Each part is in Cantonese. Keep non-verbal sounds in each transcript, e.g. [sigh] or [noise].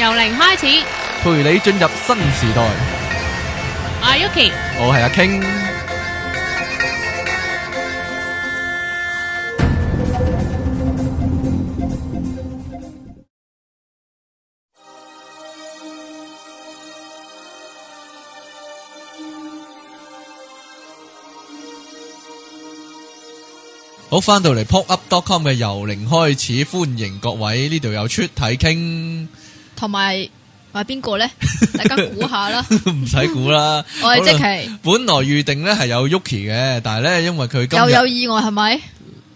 由零開始，陪你進入新時代。啊、我阿 Yuki，我係阿 King。好，翻到嚟 pop up dot com 嘅由零開始，歡迎各位呢度有出體傾。同埋，係邊個咧？ [laughs] 大家估下啦，唔使估啦。我係即期，本來預定咧係有 Yuki 嘅，但係咧，因為佢又有，有意外係咪？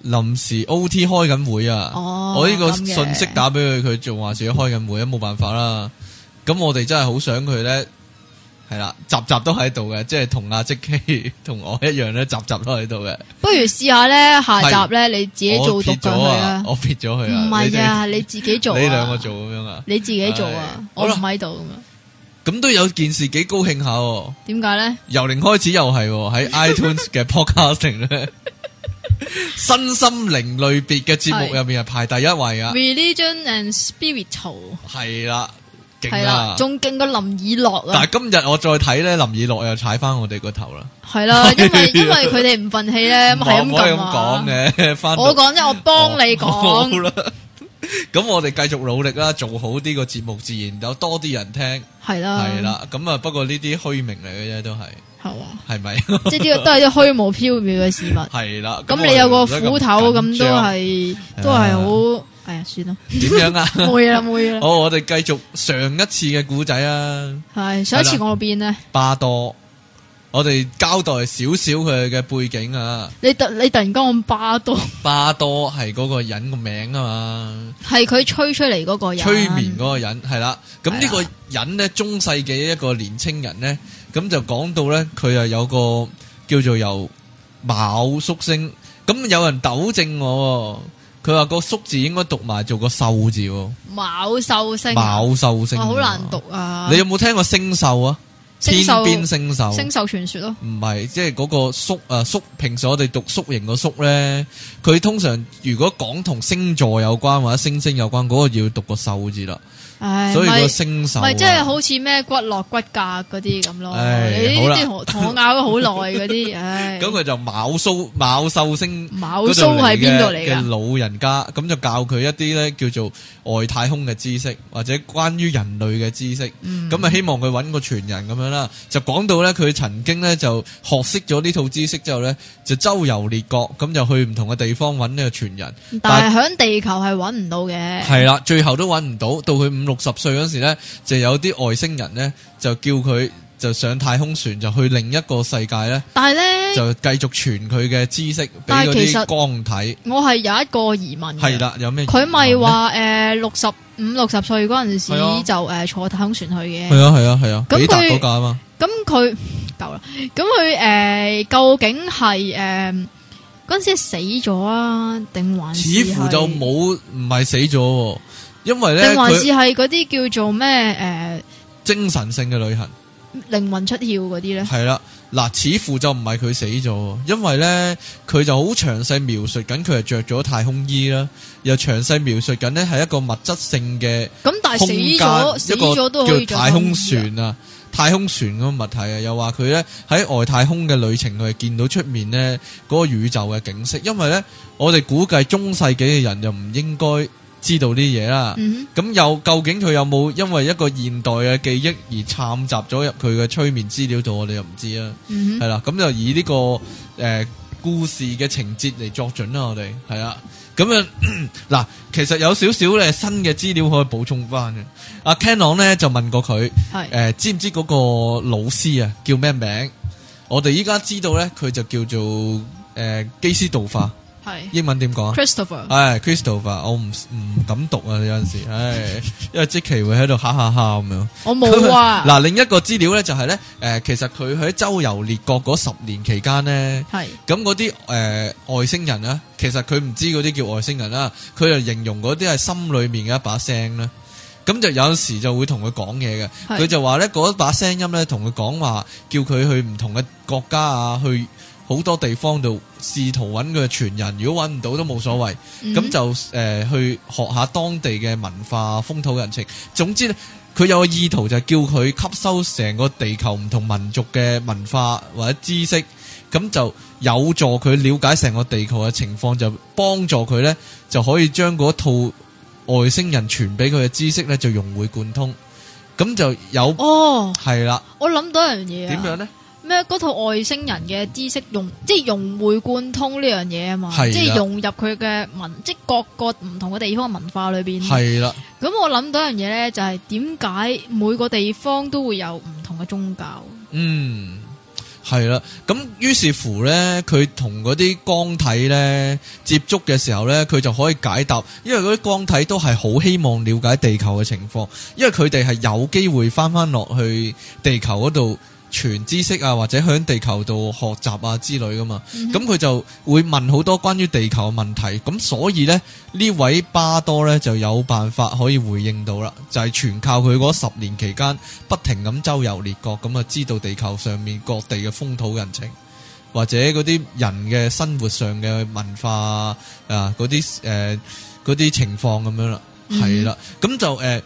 臨時 OT 開緊會啊！我呢個信息打俾佢，佢仲話自己開緊會，冇辦法啦。咁我哋真係好想佢咧。係啦，集集都喺度嘅，即係同阿積 K 同我一樣咧，集集都喺度嘅。不如試下咧，下集咧你自己做脫上去啊！我撇咗佢，啊？唔係啊，你自己做，你兩個做咁樣啊？你自己做啊！我唔喺度咁樣啊！咁都有件事幾高興下喎？點解咧？由零開始又係喺 iTunes 嘅 Podcasting 咧，身心靈類別嘅節目入面係排第一位啊！Religion and Spiritual 係啦。係啦，仲勁過林以樂啊！但係今日我再睇咧，林以樂又踩翻我哋個頭啦。係啦，因為因為佢哋唔忿氣咧，咁係咁講嘅。我講即我幫你講。好啦，咁我哋繼續努力啦，做好呢個節目，自然有多啲人聽。係啦，係啦，咁啊，不過呢啲虛名嚟嘅啫，都係係嘛，係咪？即係呢個都係啲虛無縹緲嘅事物。係啦，咁你有個斧頭，咁都係都係好。係啊、哎，算咯。點樣啊？冇嘢啦，冇嘢啦。好，我哋繼續上一次嘅古仔啊。係上一次我到邊咧？巴多，我哋交代少少佢嘅背景啊。你突你突然間巴多？巴多係嗰個人個名啊嘛。係佢吹出嚟嗰個人。催眠嗰個人係啦。咁呢個人咧，中世紀一個年青人咧，咁就講到咧，佢啊有個叫做有昴宿星。咁有人糾正我、啊。佢話個宿字應該讀埋做個獸字喎，卯獸星、啊，卯獸星、啊，好難讀啊！你有冇聽過星獸啊？天邊星獸，星獸傳說咯、啊。唔係，即係嗰個宿啊宿，平時我哋讀宿形個宿咧，佢通常如果講同星座有關或者星星有關，嗰、那個要讀個獸字啦。哎、所以個星獸咪即係好似咩骨落骨架嗰啲咁咯，你啲啲同我咬咗好耐嗰啲，唉、哎。咁佢 [laughs] 就昴宿昴宿星，昴宿係邊度嚟嘅？老人家咁就教佢一啲咧叫做外太空嘅知識，或者關於人類嘅知識。咁咪、嗯、希望佢揾個傳人咁樣啦。就講到咧，佢曾經咧就學識咗呢套知識之後咧，就周遊列國，咁就去唔同嘅地方揾呢個傳人。但係喺地球係揾唔到嘅。係啦，最後都揾唔到，到佢五六，六十歲嗰時咧，就有啲外星人咧，就叫佢就上太空船，就去另一個世界咧。但係咧，就繼續傳佢嘅知識俾嗰啲光體。但係其實，我係有一個疑問。係啦，有咩？佢咪話誒，六十五六十歲嗰陣時就誒坐太空船去嘅。係啊，係啊，係啊。幾大嗰架啊嘛？咁佢夠啦。咁佢誒，究竟係誒嗰陣時死咗啊，定還？似乎就冇，唔係死咗。因為咧，定還是係嗰啲叫做咩誒？呃、精神性嘅旅行，靈魂出竅嗰啲咧？係啦，嗱、呃，似乎就唔係佢死咗，因為咧，佢就好詳細描述緊佢係着咗太空衣啦，又詳細描述緊呢係一個物質性嘅，咁但係死咗，個死咗都可以坐太空船啊！了太空船咁嘅物體啊，又話佢咧喺外太空嘅旅程，佢係見到出面咧嗰、嗰個宇宙嘅景色，因為咧我哋估計中世紀嘅人又唔應該。知道呢啲嘢啦，咁、嗯、哼又究竟佢有冇因為一個現代嘅記憶而摻雜咗入佢嘅催眠資料度，我哋又唔知啦，係、嗯、哼啦，咁就以呢、這個誒、呃、故事嘅情節嚟作準啦，我哋係啦，咁樣嗱， [coughs] 其實有少少咧新嘅資料可以補充翻嘅，阿 Ken 朗咧就問過佢，係誒是、呃、知唔知嗰個老師啊叫咩名？我哋依家知道咧，佢就叫做誒、呃、基斯道化。嗯係英文點講？Christopher，唉，Christopher，我唔唔敢讀啊！有陣時，唉，因為 J.K. 會喺度哈哈哈咁樣。我冇啊！嗱，另一個資料咧就係咧，誒，其實佢喺周遊列國嗰十年期間咧，係咁嗰啲誒外星人啊，其實佢唔知嗰啲叫外星人啦，佢就形容嗰啲係心裏面嘅一把聲啦，咁就有時就會同佢講嘢嘅，佢就話咧嗰把聲音咧同佢講話，叫佢去唔同嘅國家啊去。好多地方度試圖揾佢嘅傳人，如果揾唔到都冇所謂，咁、嗯、就誒、呃、去學下當地嘅文化風土人情。總之咧，佢有個意圖就叫佢吸收成個地球唔同民族嘅文化或者知識，咁就有助佢了解成個地球嘅情況，就幫助佢咧就可以將嗰套外星人傳俾佢嘅知識咧就融會貫通，咁就有哦，係啦，我諗到一樣嘢，點樣咧？咩？嗰套外星人嘅知識融，即係融會貫通呢樣嘢啊嘛！是的 即係融入佢嘅文，即係各個唔同嘅地方嘅文化裏邊。係啦，咁我諗到一樣嘢咧，就係點解每個地方都會有唔同嘅宗教？嗯，係啦。咁於是乎咧，佢同嗰啲光體咧接觸嘅時候咧，佢就可以解答，因為嗰啲光體都係好希望了解地球嘅情況，因為佢哋係有機會返返落去地球嗰度。全知識啊，或者喺地球度學習啊之類噶嘛，咁佢、mm hmm. 就會問好多關於地球嘅問題，咁所以呢，呢位巴多呢就有辦法可以回應到啦，就係、是、全靠佢嗰十年期間不停咁周遊列國，咁啊知道地球上面各地嘅風土人情，或者嗰啲人嘅生活上嘅文化啊，嗰啲誒嗰啲情況咁樣啦，係啦、mm，咁、hmm. 就誒。呃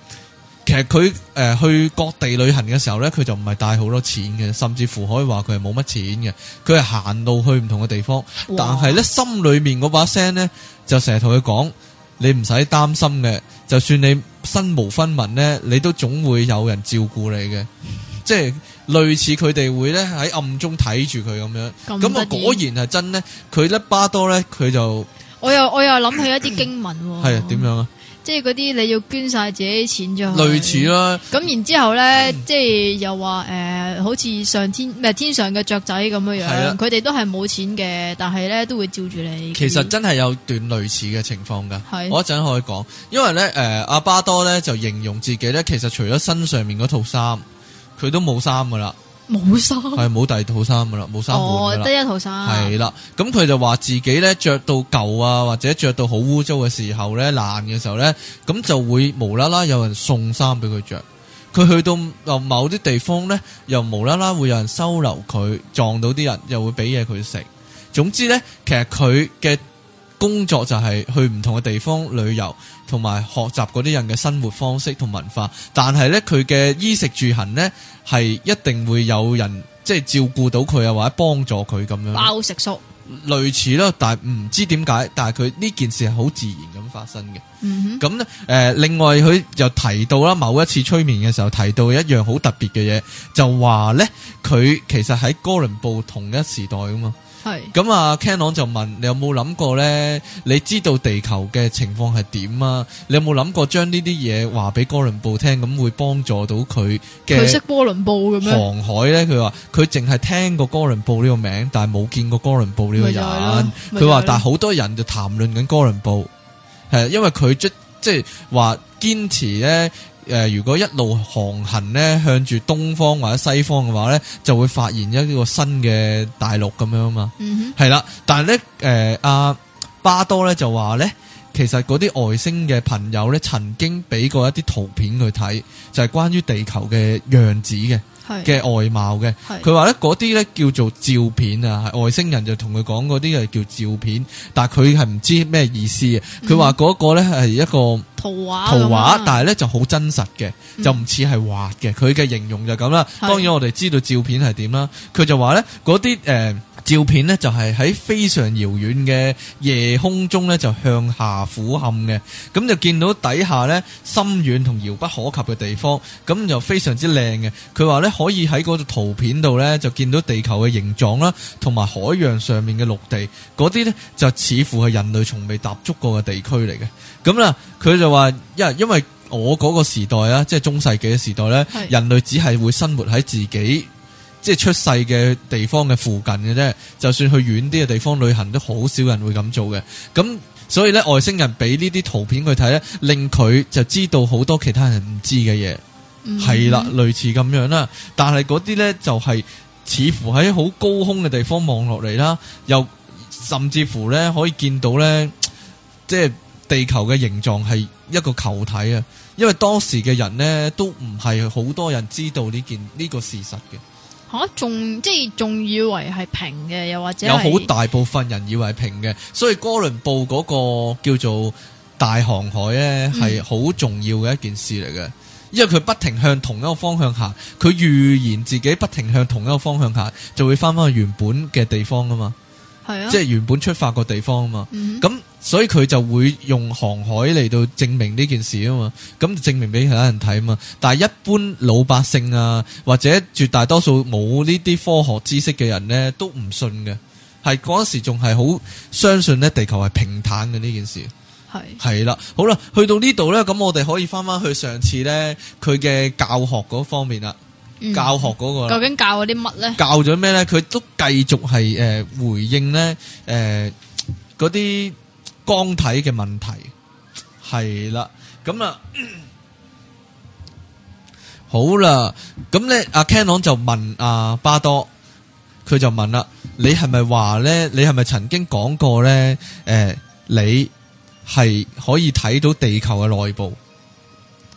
其實佢誒、呃、去各地旅行嘅時候咧，佢就唔係帶好多錢嘅，甚至乎可以話佢係冇乜錢嘅。佢係行路去唔同嘅地方，哇但係咧心裏面嗰把聲咧就成日同佢講：你唔使擔心嘅，就算你身無分文咧，你都總會有人照顧你嘅。嗯、即係類似佢哋會咧喺暗中睇住佢咁樣。咁突然咁啊！果然係真咧。佢咧巴多咧，佢就我又我又諗起一啲經文。係啊，點樣啊？即係嗰啲你要捐晒自己啲錢咗，類似啦。咁然之後咧，嗯、即係又話誒、呃，好似上天唔係天上嘅雀仔咁嘅樣，佢哋的都係冇錢嘅，但係咧都會照住你。其實真係有段類似嘅情況㗎。的我一陣可以講，因為咧誒，阿、啊、巴多咧就形容自己咧，其實除咗身上面嗰套衫，佢都冇衫㗎啦。冇衫，係冇第二套衫噶啦，冇衫換啦。得一套衫啊。係啦，咁佢就話自己咧着到舊啊，或者着到好污糟嘅時候咧爛嘅時候咧，咁就會無啦啦有人送衫俾佢着。佢去到又某啲地方咧，又無啦啦會有人收留佢，撞到啲人又會俾嘢佢食。總之咧，其實佢嘅工作就係去唔同嘅地方旅遊，同埋學習嗰啲人嘅生活方式同文化。但係呢，佢嘅衣食住行呢，係一定會有人即係照顧到佢啊，或者幫助佢咁樣。包食宿類似咯，但係唔知點解，但係佢呢件事係好自然咁發生嘅。咁呢、嗯哼，誒、嗯，另外佢又提到啦，某一次催眠嘅時候提到一樣好特別嘅嘢，就話呢，佢其實喺哥倫布同一時代啊嘛。咁啊，Canon 就問你有冇諗過咧？你知道地球嘅情況係點啊？你有冇諗過將呢啲嘢話俾哥倫布聽，咁會幫助到佢嘅？佢識哥倫布嘅咩？航海咧，佢話佢淨係聽過哥倫布呢個名，但係冇見過哥倫布呢個人。佢話、啊，但係好多人就談論緊哥倫布，係、啊、因為佢即即係話堅持咧。誒、呃，如果一路航行咧，向住東方或者西方嘅話咧，就會發現一個新嘅大陸咁樣啊嘛，係啦、嗯哼。但係咧，誒、呃、阿、啊、巴多咧就話咧，其實嗰啲外星嘅朋友咧，曾經俾過一啲圖片去睇，就係、是、關於地球嘅樣子嘅。嘅外貌嘅，佢話咧嗰啲咧叫做照片啊，外星人就同佢講嗰啲係叫照片，但係佢係唔知咩意思啊。佢話嗰個咧係一個圖畫，圖畫，但係咧就好真實嘅，嗯、就唔似係畫嘅。佢嘅形容就咁啦。是當然我哋知道照片係點啦。佢就話咧嗰啲誒。照片呢就係喺非常遙遠嘅夜空中咧就向下俯瞰嘅，咁就見到底下呢，深遠同遙不可及嘅地方，咁就非常之靚嘅。佢話呢可以喺嗰個圖片度呢，就見到地球嘅形狀啦，同埋海洋上面嘅陸地，嗰啲呢，就似乎係人類從未踏足過嘅地區嚟嘅。咁啦，佢就話，因因為我嗰個時代啊，即係中世紀嘅時代呢，是人類只係會生活喺自己。即係出世嘅地方嘅附近嘅啫，就算去遠啲嘅地方旅行，都好少人會咁做嘅。咁所以呢，外星人俾呢啲圖片佢睇呢，令佢就知道好多其他人唔知嘅嘢，係啦、嗯，類似咁樣啦。但係嗰啲呢，就係、是、似乎喺好高空嘅地方望落嚟啦，又甚至乎呢，可以見到呢，即係地球嘅形狀係一個球體啊。因為當時嘅人呢，都唔係好多人知道呢件呢、這個事實嘅。仲即係仲以為係平嘅，又或者有好大部分人以為係平嘅，所以哥倫布嗰個叫做大航海呢，係好重要嘅一件事嚟嘅，嗯、因為佢不停向同一個方向行，佢預言自己不停向同一個方向行就會翻翻去原本嘅地方啊嘛，係啊，即係原本出發個地方啊嘛，咁、嗯。所以佢就會用航海嚟到證明呢件事啊嘛，咁證明俾其他人睇啊嘛。但係一般老百姓啊，或者絕大多數冇呢啲科學知識嘅人咧，都唔信嘅，係嗰陣時仲係好相信咧地球係平坦嘅呢件事。係係啦，好啦，去到呢度咧，咁我哋可以翻翻去上次咧佢嘅教學嗰方面啦，教學嗰個。究竟教嗰啲乜咧？教咗咩咧？佢都繼續係誒回應咧誒嗰啲。光體嘅問題係啦，咁、嗯、啊，好啦，咁咧，阿 Canon 就問阿巴多，佢就問啦，你係咪話咧？你係咪曾經講過咧？誒、呃，你係可以睇到地球嘅內部？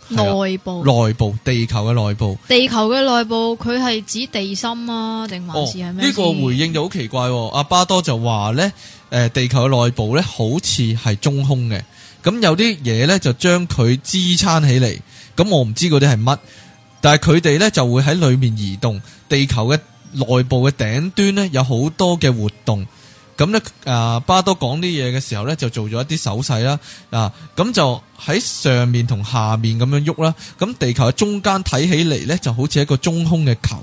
內部，內部，地球嘅內部，地球嘅內部，佢係指地心啊？定還是係咩？呢、哦這個回應就好奇怪、啊。阿巴多就話咧。誒地球嘅內部咧，好似係中空嘅，咁有啲嘢咧就將佢支撐起嚟，咁我唔知嗰啲係乜，但係佢哋咧就會喺裏面移動，地球嘅內部嘅頂端咧有好多嘅活動，咁咧啊巴多講啲嘢嘅時候咧就做咗一啲手勢啦，啊咁就喺上面同下面咁樣喐啦，咁地球嘅中間睇起嚟咧就好似一個中空嘅球。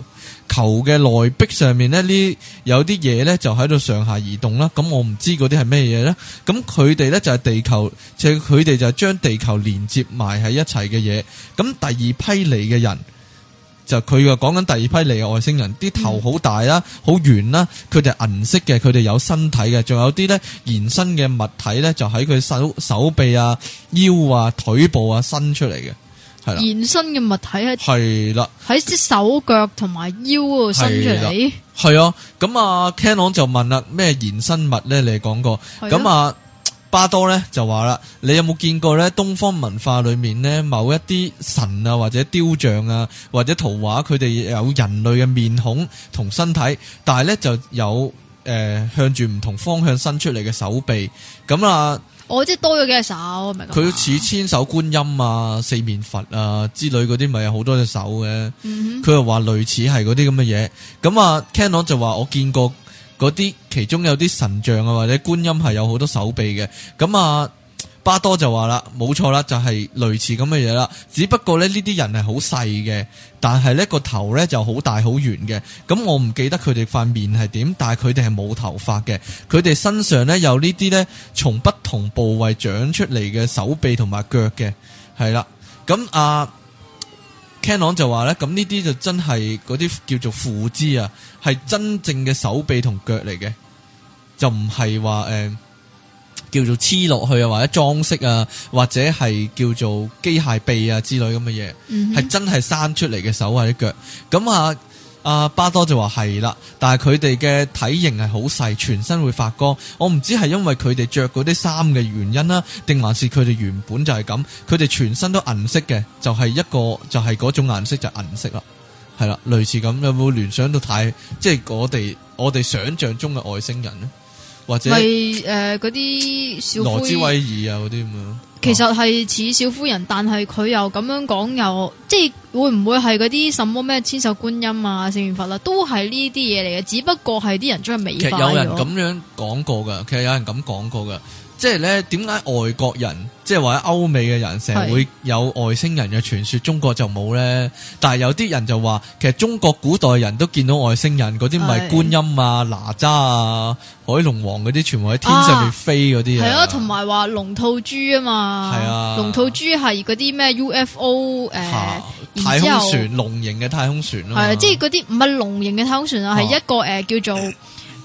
球嘅內壁上面呢，呢有啲嘢呢就喺度上下移動啦。咁我唔知嗰啲係咩嘢呢？咁佢哋呢就係地球，即係佢哋就係，就將地球連接埋喺一齊嘅嘢。咁第二批嚟嘅人就佢話講緊第二批嚟嘅外星人，啲頭好大啦，啊，好圓啦，啊，佢哋銀色嘅，佢哋有身體嘅，仲有啲呢延伸嘅物體呢，就喺佢手手臂啊，腰啊、腿部啊伸出嚟嘅。延伸嘅物體係係啦，喺隻的手腳同埋腰度伸出嚟。係啊，咁啊，Kenon 就問啦，咩延伸物咧？你講過。咁啊的，巴多咧就話啦，你有冇見過咧？東方文化裡面咧，某一啲神啊，或者雕像啊，或者圖畫，佢哋有人類嘅面孔同身體，但係咧就有誒、呃、向住唔同方向伸出嚟嘅手臂。咁啊～我即係多咗幾隻手，明唔明？佢似千手觀音啊、四面佛啊之類嗰啲，咪有好多隻手嘅。佢又話類似係嗰啲咁嘅嘢。咁啊，Canon 就話我見過嗰啲，其中有啲神像啊或者觀音係有好多手臂嘅。咁啊。花多就話啦，冇錯啦，就係、是、類似咁嘅嘢啦。只不過咧，呢啲人係好細嘅，但係咧個頭咧就好大好圓嘅。咁我唔記得佢哋塊面係點，但係佢哋係冇頭髮嘅。佢哋身上咧有呢啲咧，從不同部位長出嚟嘅手臂同埋腳嘅，係啦。咁啊 Kenon 就話咧，咁呢啲就真係嗰啲叫做附肢啊，係真正嘅手臂同腳嚟嘅，就唔係話誒。呃叫做黐落去啊，或者裝飾啊，或者係叫做機械臂啊之類咁嘅嘢，係、嗯、哼真係生出嚟嘅手或者腳。咁啊，阿、啊、巴多就話係啦，但係佢哋嘅體型係好細，全身會發光。我唔知係因為佢哋着嗰啲衫嘅原因啦，定還是佢哋原本就係咁。佢哋全身都銀色嘅，就係、是、一個就係、是、嗰種顏色就銀色啦。係啦，類似咁，有冇聯想到太即係我哋我哋想像中嘅外星人呢？或者係誒嗰啲小灰羅茲威爾啊嗰啲咁樣，其實係似小夫人，但係佢又咁樣講，又即係會唔會係嗰啲什麼咩千手觀音啊、四面佛啊都係呢啲嘢嚟嘅，只不過係啲人將佢美化，有人咁樣講過噶，其實有人咁講過噶。即係咧點解外國人？即係或者歐美嘅人成日會有外星人嘅傳說，中國就冇咧。但係有啲人就話，其實中國古代人都見到外星人，嗰啲唔係觀音啊、哪吒啊、海龍王嗰啲，全部喺天上面飛嗰啲。係啊，同埋話龍吐珠啊嘛。係啊，龍吐珠係嗰啲咩 UFO 誒，太空船龍形嘅太空船咯。係啊，即係嗰啲唔係龍形嘅太空船,太空船啊，係一個誒、呃、叫做。呃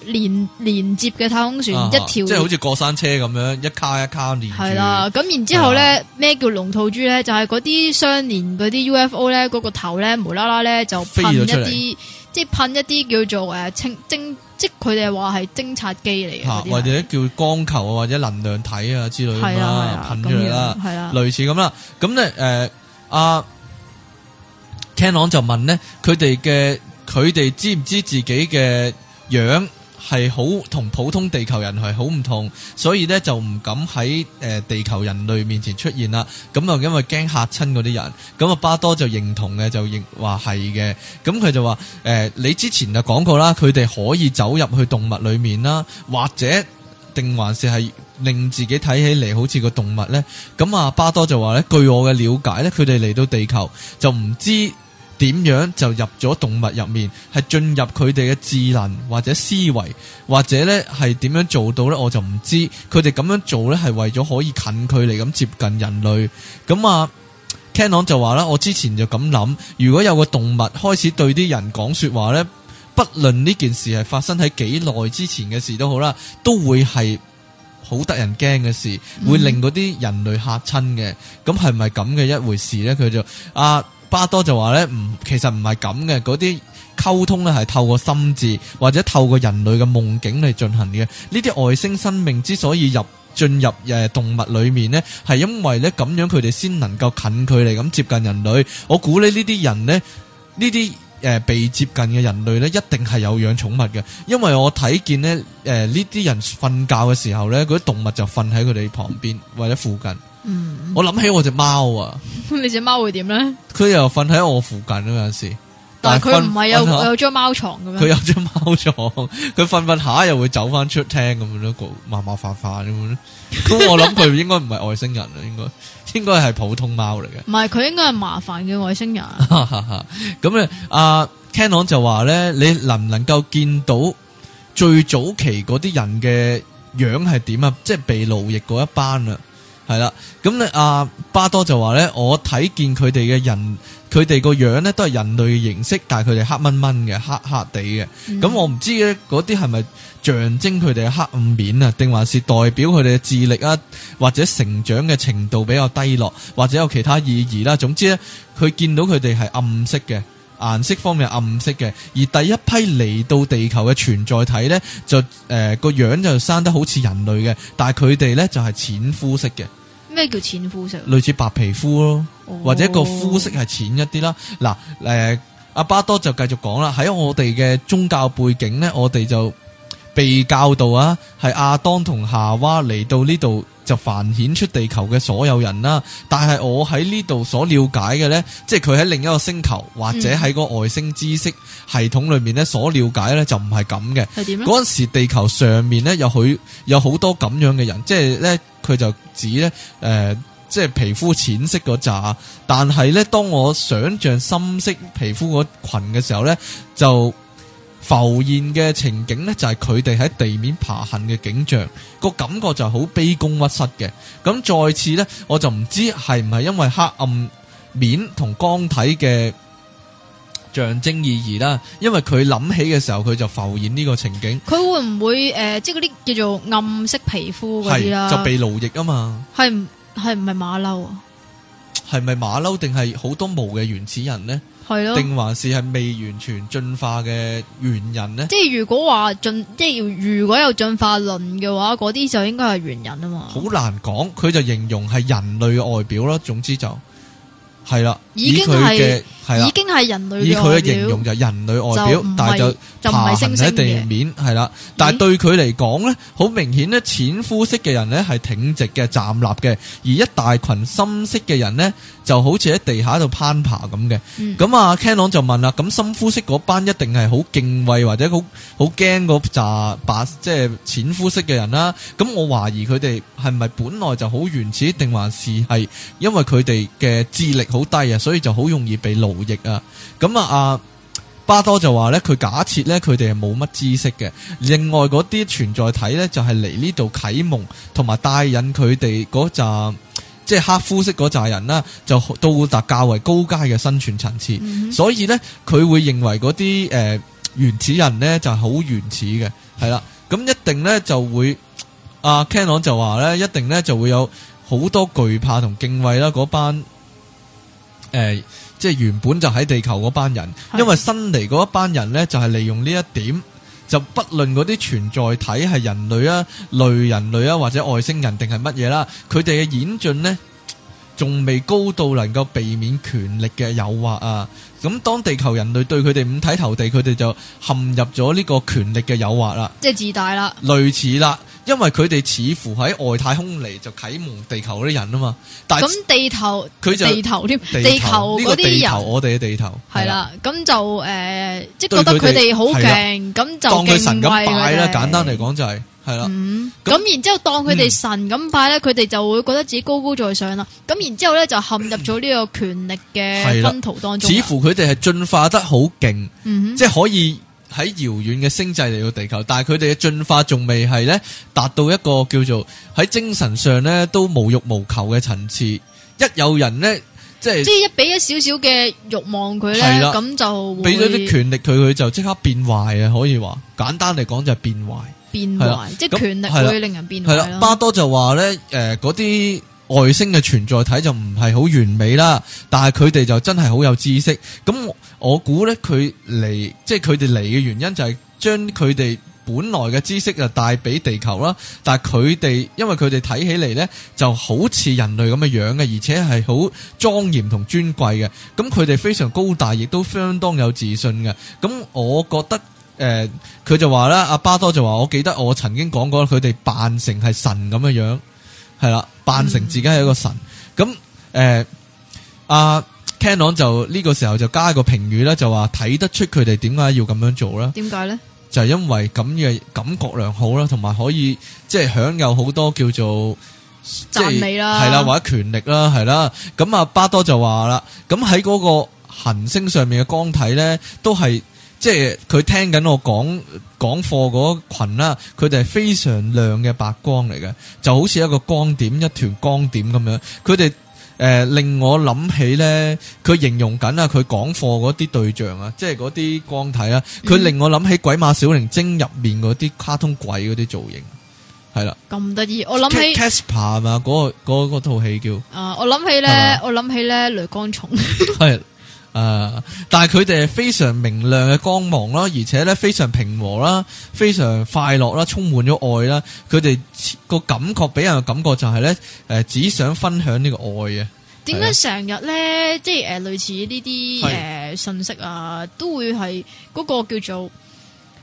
連連接嘅太空船一條，即係好似過山車咁樣一卡一卡連住。係啦，咁然之後咧咩叫龍套珠咧？就係嗰啲相連嗰啲 UFO 咧，嗰個頭咧無啦啦咧就噴一啲，即係噴一啲叫做誒清精，即係佢哋話係偵察機嚟嘅，或者叫光球啊，或者能量體啊之類啦，係啦，噴出嚟啦，類似咁啦。咁咧誒阿 Kenon 就問咧，佢哋嘅佢哋知唔知自己嘅樣？係好同普通地球人係好唔同，所以咧就唔敢喺誒、呃、地球人類面前出現啦。咁啊，因為驚吓親嗰啲人，咁啊巴多就認同嘅就認話係嘅。咁佢就話誒、呃，「你之前就講過啦，佢哋可以走入去動物裏面啦，或者定還是係令自己睇起嚟好似個動物呢？」咁啊巴多就話咧，據我嘅了解咧，佢哋嚟到地球就唔知。點樣就入咗動物入面，係進入佢哋嘅智能或者思維，或者呢係點樣做到呢？我就唔知。佢哋咁樣做呢，係為咗可以近距離咁接近人類。咁啊，Kenon 就話啦：「我之前就咁諗，如果有個動物開始對啲人講說話呢，不論呢件事係發生喺幾耐之前嘅事都好啦，都會係好得人驚嘅事，會令嗰啲人類嚇親嘅。咁係咪咁嘅一回事呢？佢就啊。巴多就話咧，唔其實唔係咁嘅，嗰啲溝通咧係透過心智或者透過人類嘅夢境嚟進行嘅。呢啲外星生命之所以入進入誒動物裏面呢，係因為咧咁樣，佢哋先能夠近距離咁接近人類。我估咧呢啲人呢，呢啲誒被接近嘅人類呢，一定係有養寵物嘅，因為我睇見咧誒呢啲人瞓覺嘅時候呢，嗰啲動物就瞓喺佢哋旁邊或者附近。嗯，我諗起我隻貓啊，你隻貓會點咧？佢又瞓喺我附近啊，有陣時，但係佢唔係有、啊、有張貓床嘅咩？佢有張貓床，佢瞓瞓下又會走翻出廳咁樣咯，麻麻煩煩咁咯。咁我諗佢應該唔係外星人啊， [laughs] 應該應該係普通貓嚟嘅。唔係，佢應該係麻煩嘅外星人。咁咧，阿、啊、Kenon 就話咧，你能唔能夠見到最早期嗰啲人嘅樣係點啊？即係被勞役嗰一班啊？係啦，咁咧阿巴多就話咧，我睇見佢哋嘅人，佢哋個樣咧都係人類嘅形式，但係佢哋黑蚊蚊嘅，黑黑地嘅。咁、嗯、我唔知咧嗰啲係咪象徵佢哋嘅黑暗面啊，定還是代表佢哋嘅智力啊，或者成長嘅程度比較低落，或者有其他意義啦、啊。總之咧，佢見到佢哋係暗色嘅。顏色方面暗色嘅，而第一批嚟到地球嘅存在體咧，就誒個、呃、樣就生得好似人類嘅，但係佢哋咧就係淺膚色嘅。咩叫淺膚色？類似白皮膚咯，哦、或者個膚色係淺一啲啦。嗱，誒、呃、阿巴多就繼續講啦，喺我哋嘅宗教背景咧，我哋就被教導啊，係亞當同夏娃嚟到呢度。就繁衍出地球嘅所有人啦，但係我喺呢度所了解嘅咧，即係佢喺另一個星球或者喺個外星知識系統裏面咧所了解咧就唔係咁嘅。係點樣咧？嗰陣時地球上面咧有許有好多咁樣嘅人，即係咧佢就指咧誒、呃，即係皮膚淺色嗰扎，但係咧當我想象深色皮膚嗰群嘅時候咧就。浮現嘅情景呢，就係佢哋喺地面爬行嘅景象，個感覺就好卑躬屈膝嘅。咁再次呢，我就唔知係唔係因為黑暗面同光體嘅象徵意義啦。因為佢諗起嘅時候，佢就浮現呢個情景。佢會唔會誒、呃，即係嗰啲叫做暗色皮膚嗰啲啊？係就被奴役啊嘛。係唔係唔係馬騮？係咪馬騮定係好多毛嘅原始人呢？係咯，定還是係未完全進化嘅猿人呢？即係如果話進，即係如果有進化論嘅話，嗰啲就應該係猿人啊嘛。好難講，佢就形容係人類嘅外表啦。總之就係啦，已經係。係啦，已經係人類。以佢嘅形容就人類外表，但係就爬行喺地面，係啦。的但係對佢嚟講咧，好咦明顯咧，淺膚色嘅人咧係挺直嘅站立嘅，而一大群深色嘅人咧，就好似喺地下度攀爬咁嘅。咁啊，Cannon 就問啦：，咁深膚色嗰班一定係好敬畏或者好好驚嗰紮白，即係淺膚色嘅人啦？咁我懷疑佢哋係咪本來就好原始，定還是係因為佢哋嘅智力好低啊，所以就好容易被奴。貿易啊，咁啊阿巴多就話咧，佢假設咧，佢哋係冇乜知識嘅。另外嗰啲存在體咧，就係嚟呢度啟蒙同埋帶引佢哋嗰扎，即係黑膚色嗰扎人啦，就到達較為高階嘅生存層次。嗯、哼所以咧，佢會認為嗰啲誒原始人咧就係好原始嘅，係啦。咁一定咧就會，阿、啊、Cannon 就話咧，一定咧就會有好多懼怕同敬畏啦。嗰班誒。即係原本就喺地球嗰班人，因為新嚟嗰一班人呢，就係利用呢一點，就不論嗰啲存在體係人類啊、類人類啊或者外星人定係乜嘢啦，佢哋嘅演進呢，仲未高到能夠避免權力嘅誘惑啊！咁當地球人類對佢哋五體投地，佢哋就陷入咗呢個權力嘅誘惑啦，即係自大啦，類似啦。因為佢哋似乎喺外太空嚟，就啟蒙地球啲人啊嘛，咁地球佢就地球添，地球嗰啲人，我哋嘅地球係啦，咁就誒，即係覺得佢哋好勁，咁就當佢神咁拜啦。簡單嚟講就係係啦，咁然之後當佢哋神咁拜咧，佢哋就會覺得自己高高在上啦。咁然之後咧就陷入咗呢個權力嘅分圖當中。似乎佢哋係進化得好勁，即係可以。喺遙遠嘅星際嚟到地球，但係佢哋嘅進化仲未係呢，達到一個叫做，喺精神上呢，都無欲無求嘅層次，一有人呢，即係，即係，一畀一少少嘅慾望佢，咁就，畀咗啲權力佢，佢就即刻變壞，可以話，簡單嚟講就係變壞，變壞，即係權力可以令人變壞。巴多就話呢，嗰啲，外星嘅存在體就唔係好完美啦，但係佢哋就真係好有知識。咁我估呢，佢嚟，即係佢哋嚟嘅原因就係將佢哋本來嘅知識啊帶俾地球啦。但係佢哋因為佢哋睇起嚟呢就好似人類咁嘅樣嘅，而且係好莊嚴同尊貴嘅。咁佢哋非常高大，亦都相當有自信嘅。咁我覺得誒，佢、呃、就話啦，阿巴多就話，我記得我曾經講過，佢哋扮成係神咁嘅樣。係啦，扮成自己係一個神。咁誒、嗯，阿 Canon、呃啊、就呢個時候就加一個評語啦，就話睇得出佢哋點解要咁樣做啦。點解咧？就係因為咁嘅感覺良好啦，同埋可以即係、就是、享有好多叫做讚、就是、美啦，係啦，或者權力啦，係啦。咁阿巴多就話啦，咁喺嗰個行星上面嘅光體咧，都係。即係佢聽緊我講講課嗰群啦、啊，佢哋係非常亮嘅白光嚟嘅，就好似一個光點，一團光點咁樣。佢哋誒令我諗起咧，佢形容緊啊，佢講課嗰啲對象啊，即係嗰啲光體啊，佢令我諗起鬼馬小靈精入面嗰啲卡通鬼嗰啲造型，係啦、啊。咁得意，我諗起 Casper 啊，嗰套戲叫。啊、呃，我諗起咧，吧我諗起咧，雷光蟲。係。誒、啊，但係佢哋係非常明亮嘅光芒啦，而且咧非常平和啦，非常快樂啦，充滿咗愛啦。佢哋個感覺俾人嘅感覺就係、是、咧，誒、呃，只想分享呢個愛為何 啊，點解成日咧，即係誒、呃，類似呢啲誒信息啊，都會係嗰個叫做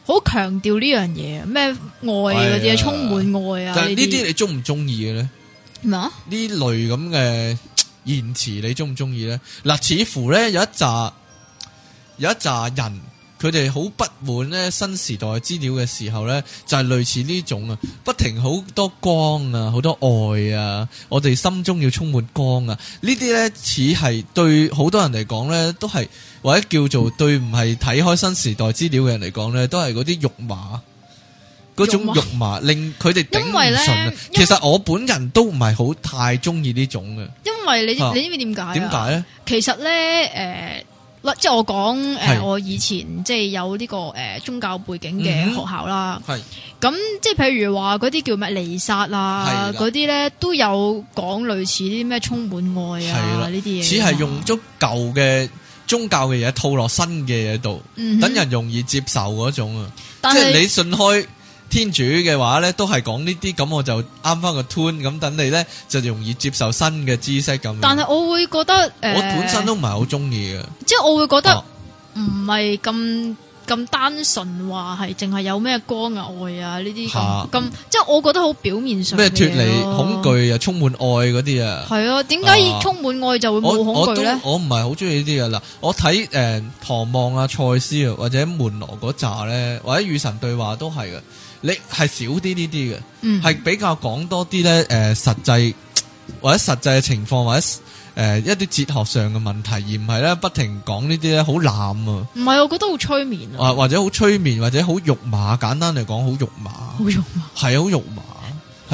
好強調呢樣嘢，咩愛嗰啲，啊、充滿愛啊！即係呢啲你中唔中意嘅咧？呢、啊、類咁嘅。言辭你中唔中意呢？嗱，似乎呢，有一紮有一紮人，佢哋好不滿呢。新時代資料嘅時候呢，就係類似呢種啊，不停好多光啊，好多愛啊，我哋心中要充滿光啊，呢啲呢，似係對好多人嚟講呢，都係或者叫做對唔係睇開新時代資料嘅人嚟講呢，都係嗰啲肉麻。嗰種肉麻令佢哋頂唔順啊！其實我本人都唔係好太中意呢種嘅。因為你你知唔知點解啊？點解咧？其實咧，誒，即係我講，誒，我以前即係有呢個誒宗教背景嘅學校啦。係咁，即係譬如話嗰啲叫咩彌撒啊，嗰啲咧都有講類似啲咩充滿愛啊呢啲嘢。只係用足舊嘅宗教嘅嘢套落新嘅嘢度，等人容易接受嗰種啊。即係你信開。天主嘅話咧，都係講呢啲咁，我就啱翻個 tune 咁，等你咧就容易接受新嘅知識咁。但係我會覺得，欸、我本身都唔係好中意嘅。即係我會覺得唔係咁咁單純，話係淨係有咩光啊、愛啊呢啲咁。麼嗯、即係我覺得好表面上、啊。咩脫離恐懼啊，充滿愛嗰啲啊？係啊？點解充滿愛就會冇恐懼咧？我唔係好中意呢啲嘅嗱，我睇誒、嗯、唐望啊、賽斯啊或者門羅嗰扎咧，或者與神對話都係嘅。你係少啲呢啲嘅，係、嗯、比較講多啲咧，誒、呃，實際或者實際嘅情況或者誒、呃、一啲哲學上嘅問題，而唔係咧不停講呢啲咧，好濫啊！唔係，我覺得好催眠啊，或者好催眠，或者好肉麻，簡單嚟講，好肉麻，好肉麻，係好肉麻，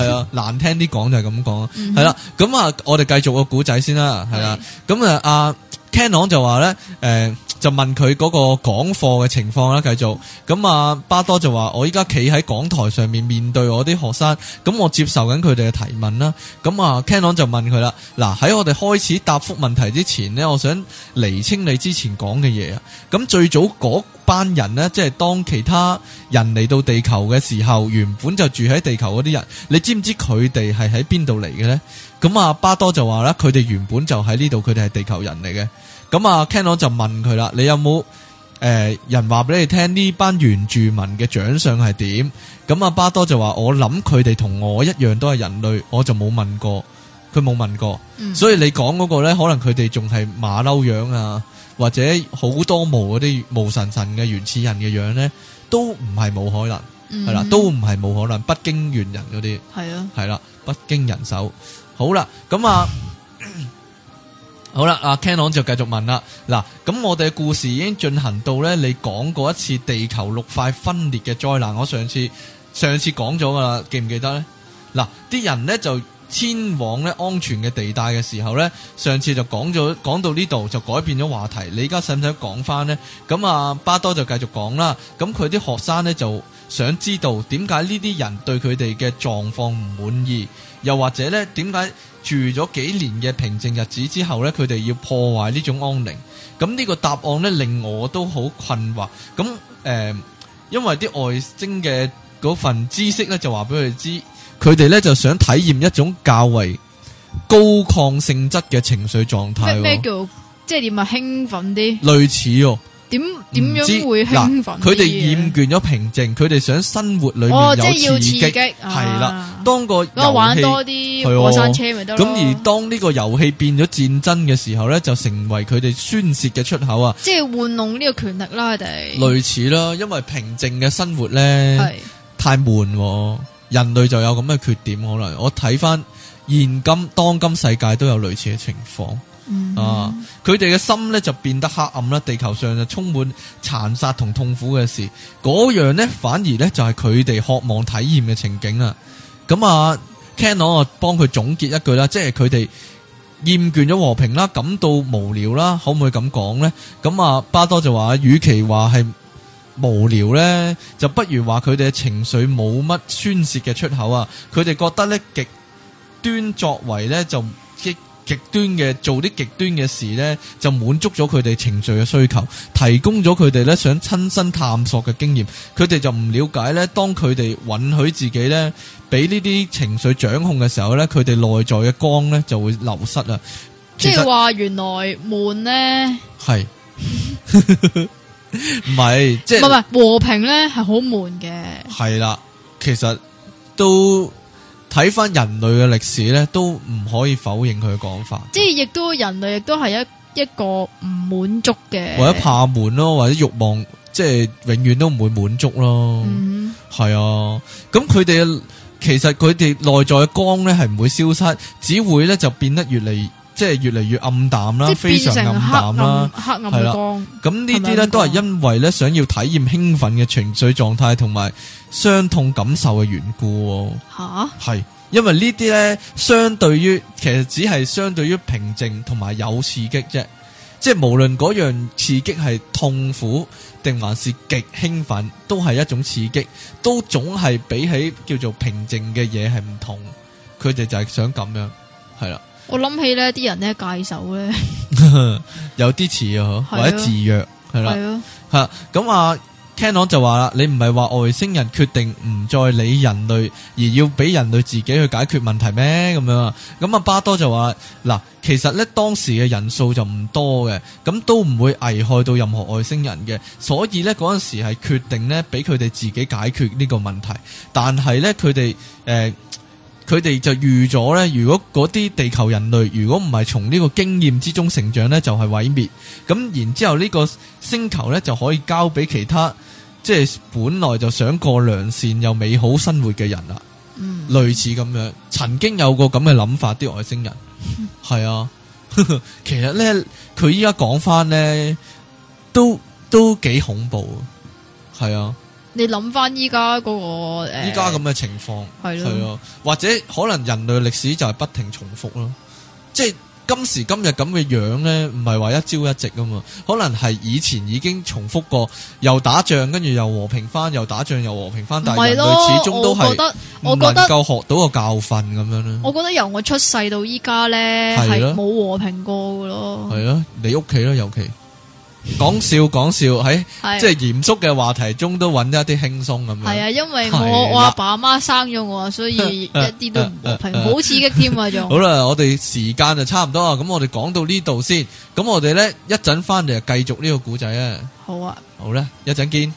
係 [laughs] 啊，難聽啲講就係咁講，係、嗯、哼啦，咁啊，我哋繼續個古仔先啦，係啦，咁是啊，阿 Kenon 就話咧，誒、呃。嗯就問佢嗰個講課嘅情況啦，繼續。咁啊，巴多就話：我依家企喺講台上面，面對我啲學生，咁我接受緊佢哋嘅提問啦。咁啊，Canon 就問佢啦。嗱、啊，喺我哋開始答覆問題之前呢，我想釐清你之前講嘅嘢啊。咁最早嗰班人呢，即係當其他人嚟到地球嘅時候，原本就住喺地球嗰啲人，你知唔知佢哋係喺邊度嚟嘅呢？咁啊，巴多就話啦：佢哋原本就喺呢度，佢哋係地球人嚟嘅。咁啊，Ken 就問佢啦，你有冇誒人話俾你聽呢班原住民嘅長相係點？咁啊，巴多就話，我諗佢哋同我一樣都係人類，我就冇問過，佢冇問過，所以你講嗰個咧，可能佢哋仲係馬騮樣啊，或者好多毛嗰啲毛神神嘅原始人嘅樣咧，都唔係冇可能。係啦，都唔係冇可能。北京猿人嗰啲係啊，係啦，北京人手。好啦，咁啊。好啦，阿、啊、Canon 就繼續問啦。嗱，咁我哋嘅故事已經進行到咧，你講過一次地球六塊分裂嘅災難。我上次上次講咗噶啦，記唔記得咧？嗱，啲人咧就遷往咧安全嘅地帶嘅時候咧，上次就講咗講到呢度就改變咗話題。你而家使唔使講翻咧？咁啊，巴多就繼續講啦。咁佢啲學生咧就。想知道點解呢啲人對佢哋嘅狀況唔滿意，又或者呢點解住咗幾年嘅平靜日子之後呢佢哋要破壞呢種安寧？咁呢個答案呢，令我都好困惑。咁誒、呃，因為啲外星嘅嗰份知識呢，就話俾佢哋知，佢哋呢就想體驗一種較為高亢性質嘅情緒狀態。咩叫即係點啊？興奮啲，類似哦。點點樣會興奮？佢哋厭倦咗平靜，佢哋想生活裏面有刺激。係啦、哦啊，當個遊戲、啊、多啲過的山車咪得咯。咁而當呢個遊戲變咗戰爭嘅時候咧，就成為佢哋宣洩嘅出口啊！即係玩弄呢個權力啦，佢哋類似啦，因為平靜嘅生活咧的太悶，人類就有咁嘅缺點可能。我睇翻現今當今世界都有類似嘅情況。Mm hmm. 啊！佢哋嘅心咧就變得黑暗啦，地球上就充滿殘殺同痛苦嘅事。嗰樣咧反而呢，就係佢哋渴望體驗嘅情景、嗯、啊！咁啊，Cannon 啊，幫佢總結一句啦，即係佢哋厭倦咗和平啦，感到無聊啦，可唔可以咁講呢？嗯，咁啊，巴多就話，與其話係無聊呢，就不如話佢哋嘅情緒冇乜宣泄嘅出口啊！佢哋覺得呢極端作為呢，就激。極端嘅做啲極端嘅事呢，就滿足咗佢哋情緒嘅需求，提供咗佢哋呢想親身探索嘅經驗。佢哋就唔了解呢，當佢哋允許自己呢，俾呢啲情緒掌控嘅時候呢，佢哋內在嘅光呢就會流失啦。即係話原來悶呢？係唔係即係和平呢係好悶嘅係啦，其實都。睇翻人類嘅歷史咧，都唔可以否認佢嘅講法。即係亦都人類亦都係一一個唔滿足嘅，或者怕悶咯，或者慾望，即係永遠都唔會滿足咯。係啊，咁佢哋其實佢哋內在嘅光咧係唔會消失，只會咧就變得越嚟即係越嚟越暗淡啦，非常暗淡啦，黑暗嘅光。咁呢啲咧都係因為咧想要體驗興奮嘅情緒狀態同埋傷痛感受嘅緣故，吓係蛤因為呢啲咧，相對於其實只係相對於平靜同埋有刺激啫，即係無論嗰樣刺激係痛苦定還是極興奮，都係一種刺激，都總係比起叫做平靜嘅嘢係唔同。佢哋就係想咁樣，係啦。我諗起呢啲人咧戒手咧， [laughs] 有啲似啊，或者自虐係啦，係啊，吓咁啊。Canon 就話啦，你唔係話外星人決定唔再理人類，而要俾人類自己去解決問題咩？咁樣，咁啊巴多就話嗱，其實呢，當時嘅人數就唔多嘅，咁都唔會危害到任何外星人嘅，所以呢，嗰陣時係決定呢，俾佢哋自己解決呢個問題。但係呢，佢哋誒，呃，佢哋就預咗呢，如果嗰啲地球人類如果唔係從呢個經驗之中成長呢，就係毀滅。咁然之後呢個星球呢，就可以交俾其他。即係本來就想過良善又美好生活嘅人啦，嗯、類似咁樣，曾經有過咁嘅諗法，啲外星人係 [laughs] 是啊， [laughs] 其實咧佢依家講翻咧，都都幾恐怖啊，係、那個呃、啊，你諗翻依家嗰個誒，依家咁嘅情況係咯，係啊，或者可能人類歷史就係不停重複咯，即係。今時今日咁嘅樣呢，唔係話一朝一夕㗎嘛，可能係以前已經重複過，又打仗，跟住又和平翻，又打仗又和平翻，但係始終都係唔能夠學到個教訓咁樣咧。我覺得由我出世到依家呢，係冇和平過噶咯。係啊，你屋企囉尤其。講笑講笑喺，哎啊，即係嚴肅嘅話題中都搵一啲輕鬆咁樣。係啊，因為我、啊、我阿爸阿媽生咗我，所以一啲都唔和平，好 [laughs] 刺激添啊仲。好， [laughs] 好啦，我哋時間就差唔多啦，咁我哋講到呢度先，咁我哋呢一陣翻嚟繼續呢個古仔啊。好啊，好啦，一陣見。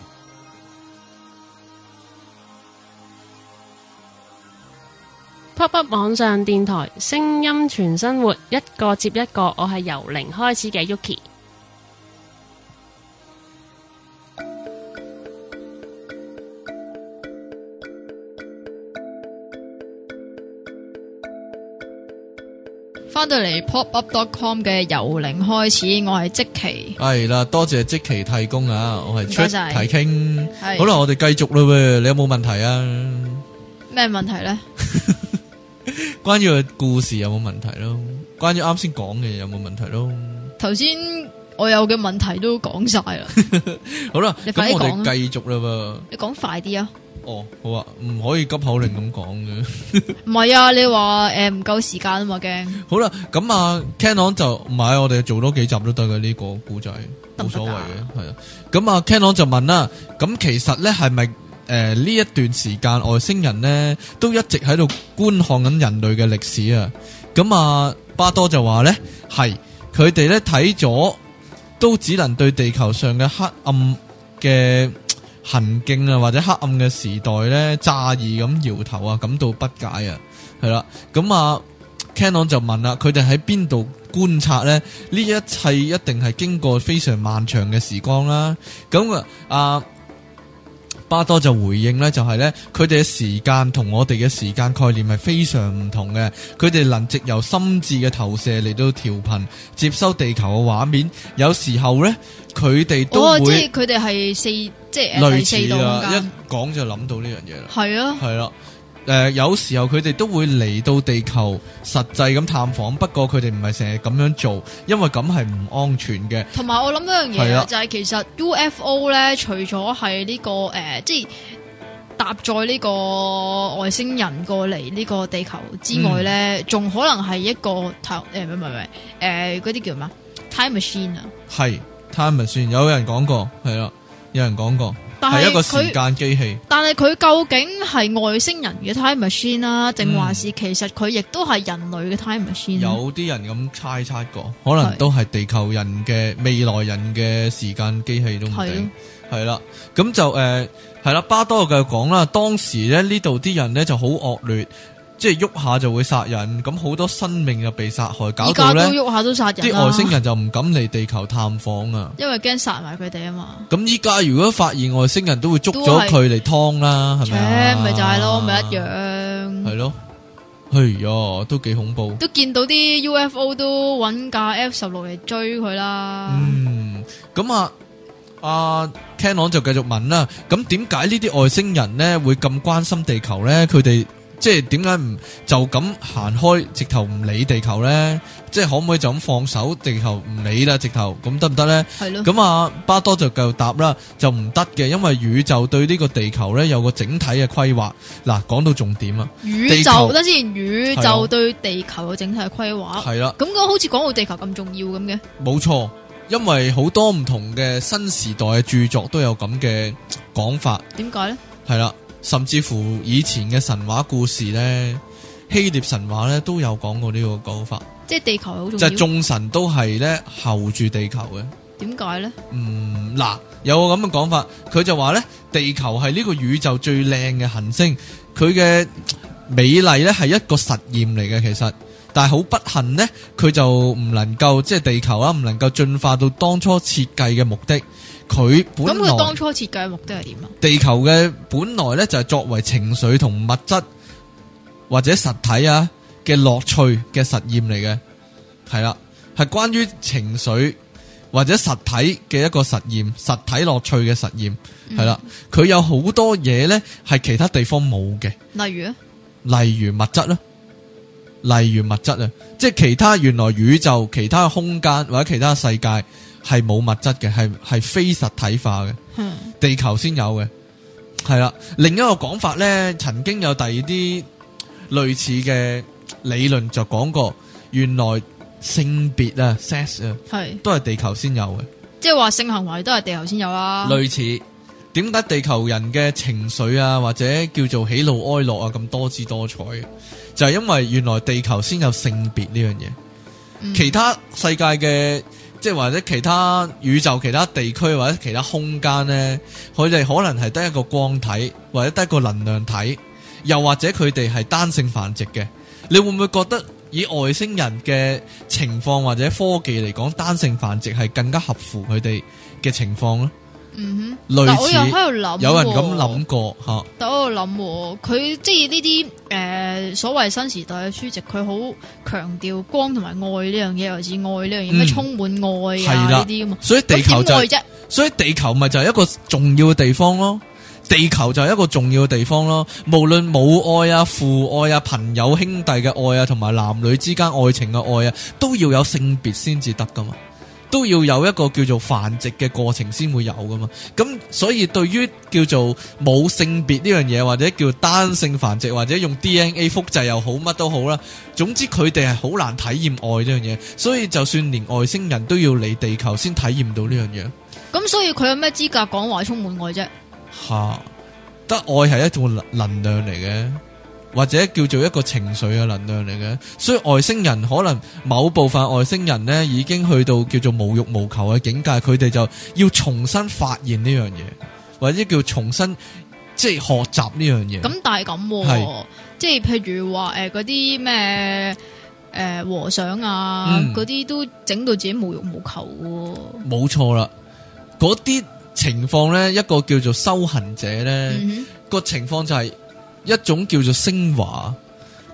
Pop Up 網上電台，聲音全生活，一個接一個，我係由零開始嘅 Yuki。對，嚟 popup.com 嘅由零開始，我係積奇，係啦，多謝積奇提供啊，我係出，提傾，好啦，我哋繼續啦噃，你有冇問題啊？咩問題咧？關於個故事有冇問題咯？關於啱先講嘅嘢有冇問題咯？頭先我有嘅問題都講晒啦，好啦，你快啲講，繼續啦噃，你講快啲啊！哦，好啊，唔可以急口令咁講嘅，唔係、嗯、 [laughs] 啊，你話誒唔夠時間啊嘛驚。好啦、啊，咁啊，Cannon 就買我哋做多幾集都得嘅呢個古仔，冇所謂嘅，係啊。咁啊，Cannon 就問啦，咁、嗯、其實咧係咪誒呢是是、呃、一段時間外星人咧都一直喺度觀看緊人類嘅歷史啊？咁啊巴多就話咧係，佢哋咧睇咗都只能對地球上嘅黑暗嘅行徑啊，或者黑暗嘅時代咧，詫異咁搖頭啊，感到不解啊，係啦，咁、嗯、啊，Canon 就問啦，佢哋喺邊度觀察咧？呢一切一定係經過非常漫長嘅時光啦，咁、嗯、啊，啊。巴多就回應咧，就係咧，佢哋嘅時間同我哋嘅時間概念係非常唔同嘅。佢哋能藉由心智嘅投射嚟到調頻接收地球嘅畫面，有時候咧，佢哋都會，佢哋係四即係類似啊！一講就諗到呢樣嘢啦，係啊，係啦、啊。誒、呃，有時候佢哋都會嚟到地球實際咁探訪，不過佢哋唔係成日咁樣做，因為咁係唔安全嘅。同埋我諗一樣嘢啊就係，其實 UFO 咧，除咗係呢個誒、呃，即係搭載呢個外星人過嚟呢個地球之外咧，仲、嗯、可能係一個誒唔係唔係誒，嗰、呃、啲、呃、叫咩 Time machine 啊，係 Time machine，有人講過，係啦，有人講過。係一個時間機器，但係佢究竟係外星人嘅 time machine 啦、啊，定還、嗯、是其實佢亦都係人類嘅 time machine？、啊、有啲人咁猜測過，可能都係地球人嘅未來人嘅時間機器都唔定。係啦的，咁就誒，係、呃、啦，巴多又繼續講啦，當時咧呢度啲人咧就好惡劣。即係喐下就會殺人，咁好多生命又被殺害，搞到咧喐下都殺人，啲外星人就唔敢嚟地球探訪啊！因為驚殺埋佢哋啊嘛！咁依家如果發現外星人都會捉咗佢嚟劏啦，係咪啊？咪就係咯，咪一樣。係咯，係啊，都幾恐怖，都見到啲 UFO 都揾架 F 十六嚟追佢啦。嗯，咁啊，阿 Kenon 就繼續問啦。咁點解呢啲外星人咧會咁關心地球咧？佢哋即係點解唔就咁行開，直頭唔理地球咧？即係可唔可以就咁放手地球唔理啦？直頭咁得唔得咧？係咯的。咁啊巴多就繼續答啦，就唔得嘅，因為宇宙對呢個地球咧有個整體嘅規劃。嗱、啊，講到重點啊，宇宙，得先球，宇宙對地球嘅整體規劃。係啦的，咁好似講到地球咁重要咁嘅。冇錯，因為好多唔同嘅新時代嘅著作都有咁嘅講法。點解咧？係啦。甚至乎以前嘅神話故事咧，希臘神話咧都有講過呢個講法，即係地球好重要。眾神都係咧睺住地球嘅，點解呢？嗯，嗱，有個咁嘅講法，佢就話呢，地球係呢個宇宙最靚嘅行星，佢嘅美麗呢係一個實驗嚟嘅，其實，但係好不幸呢，佢就唔能夠即係地球啦，唔能夠進化到當初設計嘅目的。佢本咁佢當初設計目的係點啊？地球嘅本來咧就係作為情緒同物質或者實體啊嘅樂趣嘅實驗嚟嘅，係啦，係關於情緒或者實體嘅一個實驗，實體樂趣嘅實驗，係啦，佢有好多嘢咧係其他地方冇嘅，例如咧，例如物質囉，例如物質啊，即係其他原來宇宙，其他空間或者其他世界。係冇物質嘅，係係非實體化嘅，嗯、地球先有嘅，係啦。另一個講法呢，曾經有第二啲類似嘅理論就講過，原來性別啊、sex 啊，係、啊、都係地球先有嘅。即係話性行為都係地球先有啊。類似點解地球人嘅情緒啊，或者叫做喜怒哀樂啊，咁多姿多彩，就係、是、因為原來地球先有性別呢樣嘢，嗯、其他世界嘅。即係或者其他宇宙，其他地區或者其他空間咧，佢哋可能係得一個光體或者得一個能量體，又或者佢哋係單性繁殖嘅。你會唔會覺得以外星人嘅情況或者科技嚟講，單性繁殖係更加合乎佢哋嘅情況咧？嗯哼，嗱似，我又喺度諗，有人咁諗過吓。但係、啊、我諗，佢即係呢啲誒所謂新時代嘅書籍，佢好強調光同埋愛呢樣嘢，或者愛呢樣嘢，嗯、充滿愛啊呢啲啊。所以地球就係，所以地球咪就係一個重要嘅地方咯。地球就係一個重要嘅地方咯。無論母愛啊、父愛啊、朋友兄弟嘅愛啊，同埋男女之間愛情嘅愛啊，都要有性別先至得噶嘛。都要有一個叫做繁殖嘅過程先會有㗎嘛，咁所以對於叫做冇性別呢樣嘢，或者叫做單性繁殖，或者用 DNA 複製又好，乜都好啦，總之佢哋係好難體驗愛呢樣嘢，所以就算連外星人都要嚟地球先體驗到呢樣嘢。咁所以佢有咩資格講話充滿愛啫？嚇、啊，得愛係一種能量嚟嘅。或者叫做一個情緒嘅能量嚟嘅，所以外星人可能某部分外星人咧，已經去到叫做無欲無求嘅境界，佢哋就要重新發現呢樣嘢，或者叫重新即係學習呢樣嘢。咁但係咁，即係、啊、是譬如話誒嗰啲咩誒和尚啊，嗰啲、嗯、都整到自己無欲無求嘅，冇錯啦，嗰啲情況咧，一個叫做修行者咧、嗯、哼個情況就係、是。一種叫做升華，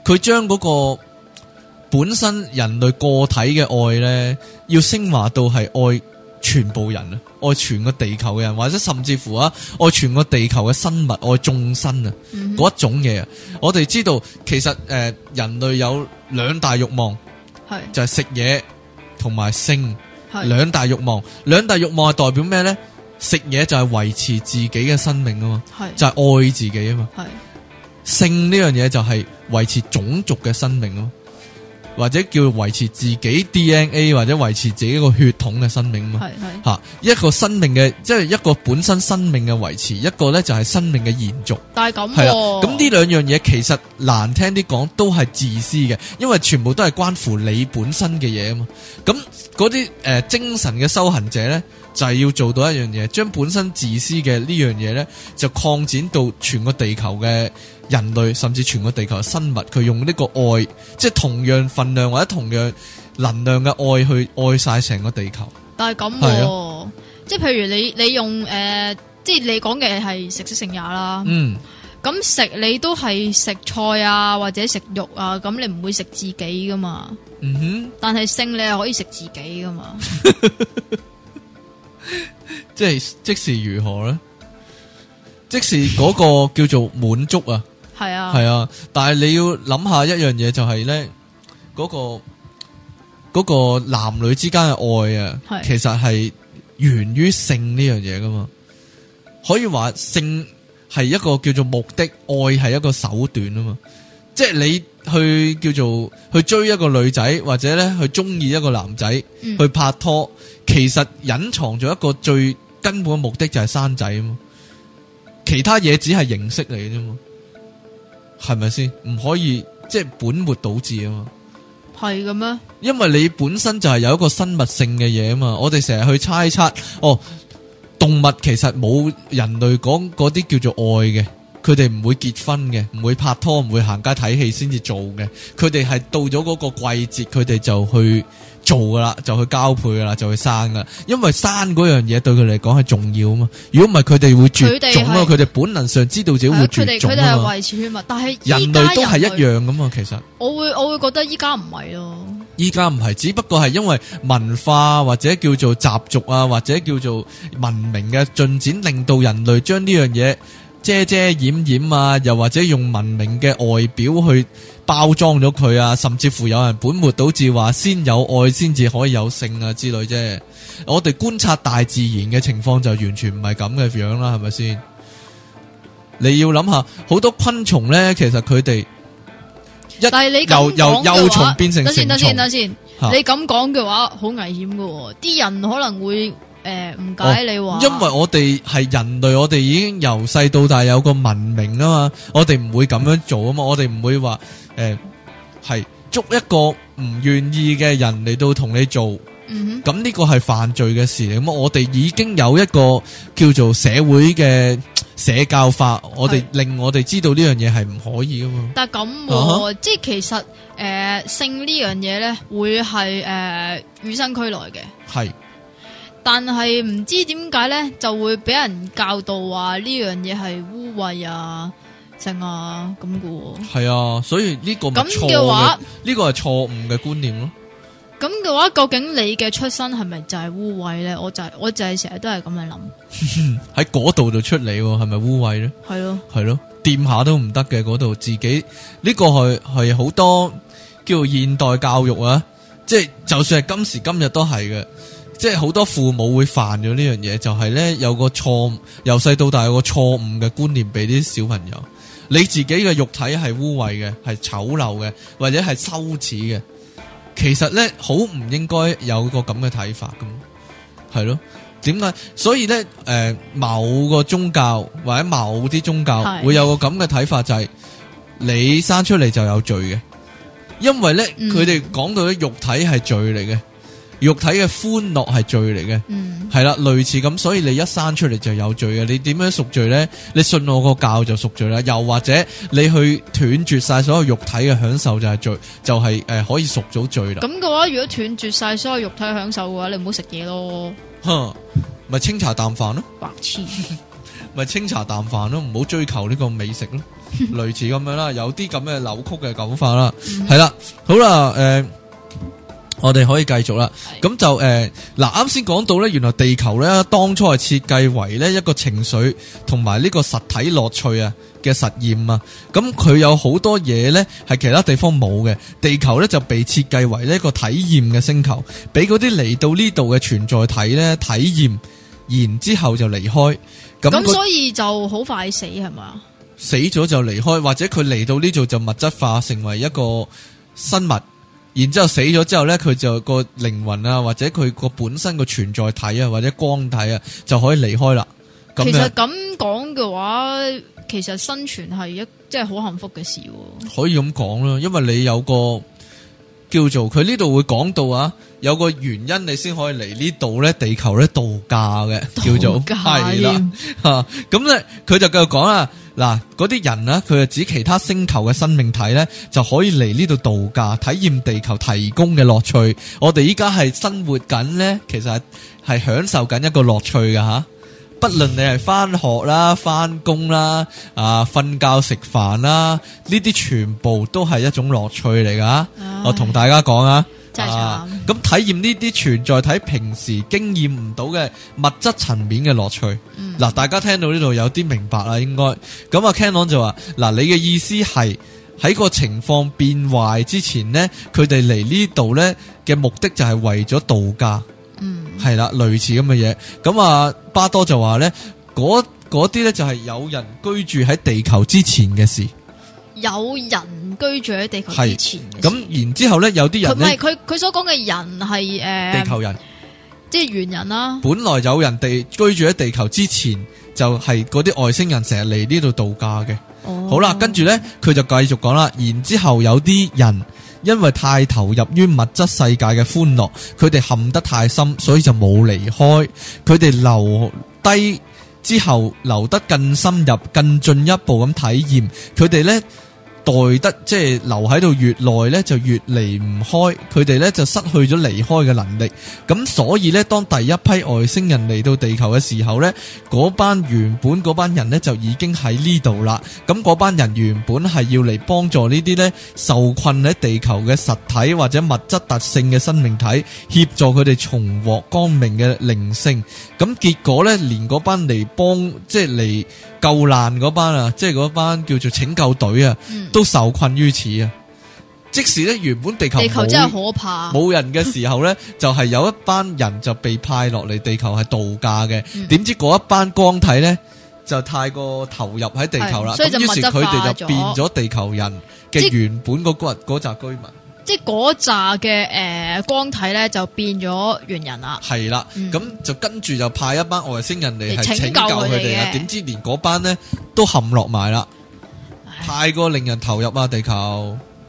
佢將嗰個本身人類個體嘅愛呢，要升華到係愛全部人啊，愛全個地球嘅人，或者甚至乎啊，愛全個地球嘅生物，愛眾生啊，嗰、嗯、哼一種嘢啊。我哋知道其實誒、呃、人類有兩大慾望，是就係食嘢同埋性，係兩是大慾望。兩大慾望係代表咩呢？食嘢就係維持自己嘅生命啊嘛，是就係愛自己啊嘛，性呢樣嘢，就係維持種族嘅生命咯，或者叫維持自己 DNA 或者維持自己個血統嘅生命嘛，係係吓一個生命嘅即係一個本身生命嘅維持，一個呢就係生命嘅延續。但係咁係咁呢兩樣嘢、啊、其實難聽啲講都係自私嘅，因為全部都係關乎你本身嘅嘢啊嘛。咁嗰啲誒精神嘅修行者呢。就係要做到一樣嘢，將本身自私嘅呢樣嘢呢，就擴展到全個地球嘅人類，甚至全個地球嘅生物，佢用呢個愛，即係同樣分量或者同樣能量嘅愛去愛晒成個地球。但係咁、啊，啊、即係譬如你你用誒、呃，即係你講嘅係食色性也啦。嗯，咁食你都係食菜啊，或者食肉啊，咁你唔會食自己噶嘛。嗯哼，但係性你係可以食自己噶嘛。 [laughs] 即係即時如何呢？即時嗰個叫做滿足啊，係 [laughs] 啊，係啊。但係你要諗下一樣嘢，就係呢嗰個、嗰個男女之間嘅愛啊，是其實係源於性呢樣嘢噶嘛。可以話性係一個叫做目的，愛係一個手段啊嘛。即係你去叫做去追一個女仔，或者呢去中意一個男仔，去拍拖。嗯其實隱藏咗一個最根本嘅目的就係生仔啊嘛，其他嘢只係形式嚟嘅啫嘛，係咪先？唔可以即係、就是、本末倒置啊嘛，係噉咩？因為你本身就係有一個生物性嘅嘢啊嘛，我哋成日去猜測哦，動物其實冇人類講嗰啲叫做愛嘅。佢哋唔會結婚嘅，唔會拍拖，唔會行街睇戲先至做嘅。佢哋係到咗嗰個季節，佢哋就去做噶啦，就去交配噶啦，就去生噶啦。因為生嗰樣嘢對佢嚟講係重要啊嘛。如果唔係，佢哋會絕種啊。佢哋本能上知道自己會絕種，佢哋係維持血脈，但係人，人類都係一樣咁啊。其實我會我會覺得依家唔係咯，依家唔係，只不過係因為文化或者叫做習俗啊，或者叫做文明嘅進展，令到人類將呢樣嘢。遮遮掩掩啊，又或者用文明嘅外表去包裝咗佢啊，甚至乎有人本末倒置，話先有愛先至可以有性啊之類啫。我哋觀察大自然嘅情況就完全唔係咁嘅樣啦，係咪先？你要諗下，好多昆蟲咧，其實佢哋但一由由幼蟲變成成蟲，等先等先，等先，等等是你咁講嘅話好危險噶、哦，啲人可能會。誒，唔解你話，因為我哋係人類，我哋已經由細到大有個文明啊嘛，我哋唔會咁樣做啊嘛，我哋唔會話誒係捉一個唔願意嘅人嚟到同你做，咁呢個係犯罪嘅事嚟。咁我哋已經有一個叫做社會嘅社教法，我哋令我哋知道呢樣嘢係唔可以噶嘛。但係咁，即係其實誒性呢樣嘢咧，會係誒與生俱來嘅，係。但係唔知點解咧，就會俾人教導話呢樣嘢係污穢啊、成啊咁嘅。係啊，所以呢個咁嘅話，呢個係錯誤嘅觀念咯。咁嘅話，究竟你嘅出身係咪就係污穢咧？我就係、是、我就係成日都係咁樣諗。喺嗰度就出嚟，係咪污穢咧？係咯、啊，係咯、啊，掂下都唔得嘅嗰度，自己呢、這個係係好多叫做現代教育啊，即、就、係、是、就算係今時今日都係嘅。即係好多父母會犯咗呢樣嘢，就係呢：有個錯，由細到大有個錯誤嘅觀念俾啲小朋友。你自己嘅肉體係污穢嘅，係醜陋嘅，或者係羞恥嘅。其實呢，好唔應該有個咁嘅睇法咁，係咯？點解？所以呢，誒、呃，某個宗教或者某啲宗教會有個咁嘅睇法，就係你生出嚟就有罪嘅，因為呢，佢哋講到啲肉體係罪嚟嘅。肉體嘅歡樂係罪嚟嘅，係啦，類似咁，所以你一生出嚟就有罪嘅。你點樣贖罪咧？你信我個教就贖罪啦，又或者你去斷絕晒所有肉體嘅享受就係罪，就係誒可以贖咗罪啦。咁嘅話，如果斷絕晒所有肉體享受嘅話，你唔好食嘢咯。吓，咪清茶淡飯咯，白痴，咪清茶淡飯咯，唔好追求呢個美食咯，類似咁樣啦，有啲咁嘅扭曲嘅講法啦，係啦，好啦，誒。我哋可以繼續啦，咁是就誒，嗱啱先講到呢，原來地球呢，當初係設計為呢一個情緒同埋呢個實體樂趣啊嘅實驗啊，咁佢有好多嘢呢，係其他地方冇嘅，地球呢，就被設計為呢個體驗嘅星球，俾嗰啲嚟到呢度嘅存在體呢體驗，然之後就離開。咁咁所以就好快死係嘛？死咗就離開，或者佢嚟到呢度就物質化成為一個生物。然之後死咗之後咧，佢就個靈魂啊，或者佢個本身個存在體啊，或者光體啊，就可以離開啦。其實咁講嘅話，其實生存係一即係好幸福嘅事啊。可以咁講啦，因為你有個叫做佢呢度會講到啊，有個原因你先可以嚟呢度咧，地球咧度假嘅叫做度假。係啦吓。咁咧佢就繼續講啦。嗱，嗰啲人咧，佢就指其他星球嘅生命體呢，就可以嚟呢度度假，體驗地球提供嘅樂趣。我哋依家係生活緊呢，其實係享受緊一個樂趣㗎吓、啊，不論你係翻學啦、翻工啦、啊、呃、瞓覺食飯啦，呢啲全部都係一種樂趣嚟噶。哎、我同大家講啊。啊！咁體驗呢啲存在體平時經驗唔到嘅物質層面嘅樂趣。嗱、嗯，大家聽到呢度有啲明白啦，應該。咁啊，Canon 就話嗱，你嘅意思係喺個情況變壞之前咧，佢哋嚟呢度咧嘅目的就係為咗度假。嗯，係啦，類似咁嘅嘢。咁啊，巴多就話咧，啲咧就係有人居住喺地球之前嘅事。有人。居住喺地球之前，咁然之後呢，有啲人呢，佢佢所講嘅人係誒，呃、地球人，即係猿人啦、啊。本來有人哋居住喺地球之前，就係嗰啲外星人成日嚟呢度度假嘅。哦、好啦，跟住呢，佢就繼續講啦。然之後有啲人因為太投入於物質世界嘅歡樂，佢哋陷得太深，所以就冇離開。佢哋留低之後，留得更深入、更進一步咁體驗。佢哋呢。待得即係留喺度越耐呢，就越離唔開，佢哋呢就失去咗離開嘅能力。咁所以呢，當第一批外星人嚟到地球嘅時候呢，嗰班原本嗰班人呢，就已經喺呢度啦。咁嗰班人原本係要嚟幫助呢啲呢受困喺地球嘅實體或者物質特性嘅生命體，協助佢哋重獲光明嘅靈性。咁結果呢，連嗰班嚟幫即係嚟。就是救難嗰班啊，即係嗰班叫做拯救隊啊，嗯、都受困於此啊。即使呢，原本地球地球真係可怕，冇人嘅時候呢， [laughs] 就係有一班人就被派落嚟地球係度假嘅。點、嗯、知嗰一班光體呢，就太過投入喺地球啦，所以就物質化咗。於是佢哋就變咗地球人嘅原本嗰骨扎居民。即係嗰扎嘅誒光體咧，就變咗猿人啦。係啦、嗯，咁就跟住就派一班外星人嚟拯救佢哋。點、啊、知連嗰班咧都陷落埋啦，太唉過令人投入啊！地球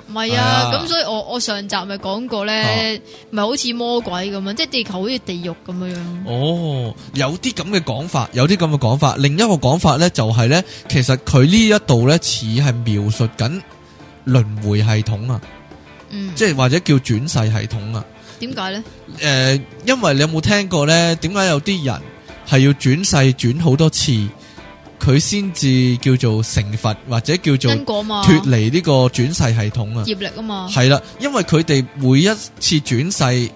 唔係啊，咁、啊、所以我我上集咪講過咧，咪、啊、好似魔鬼咁樣，即係地球好似地獄咁樣樣哦。有啲咁嘅講法，有啲咁嘅講法。另一個講法咧就係咧，其實佢呢一度咧似係描述緊輪迴系統啊。嗯，即係或者叫轉世系統啊？點解呢？誒、呃，因為你有冇聽過呢？點解有啲人係要轉世轉好多次，佢先至叫做成佛或者叫做因果脫離呢個轉世系統啊？業力啊嘛？係啦，因為佢哋每一次轉世。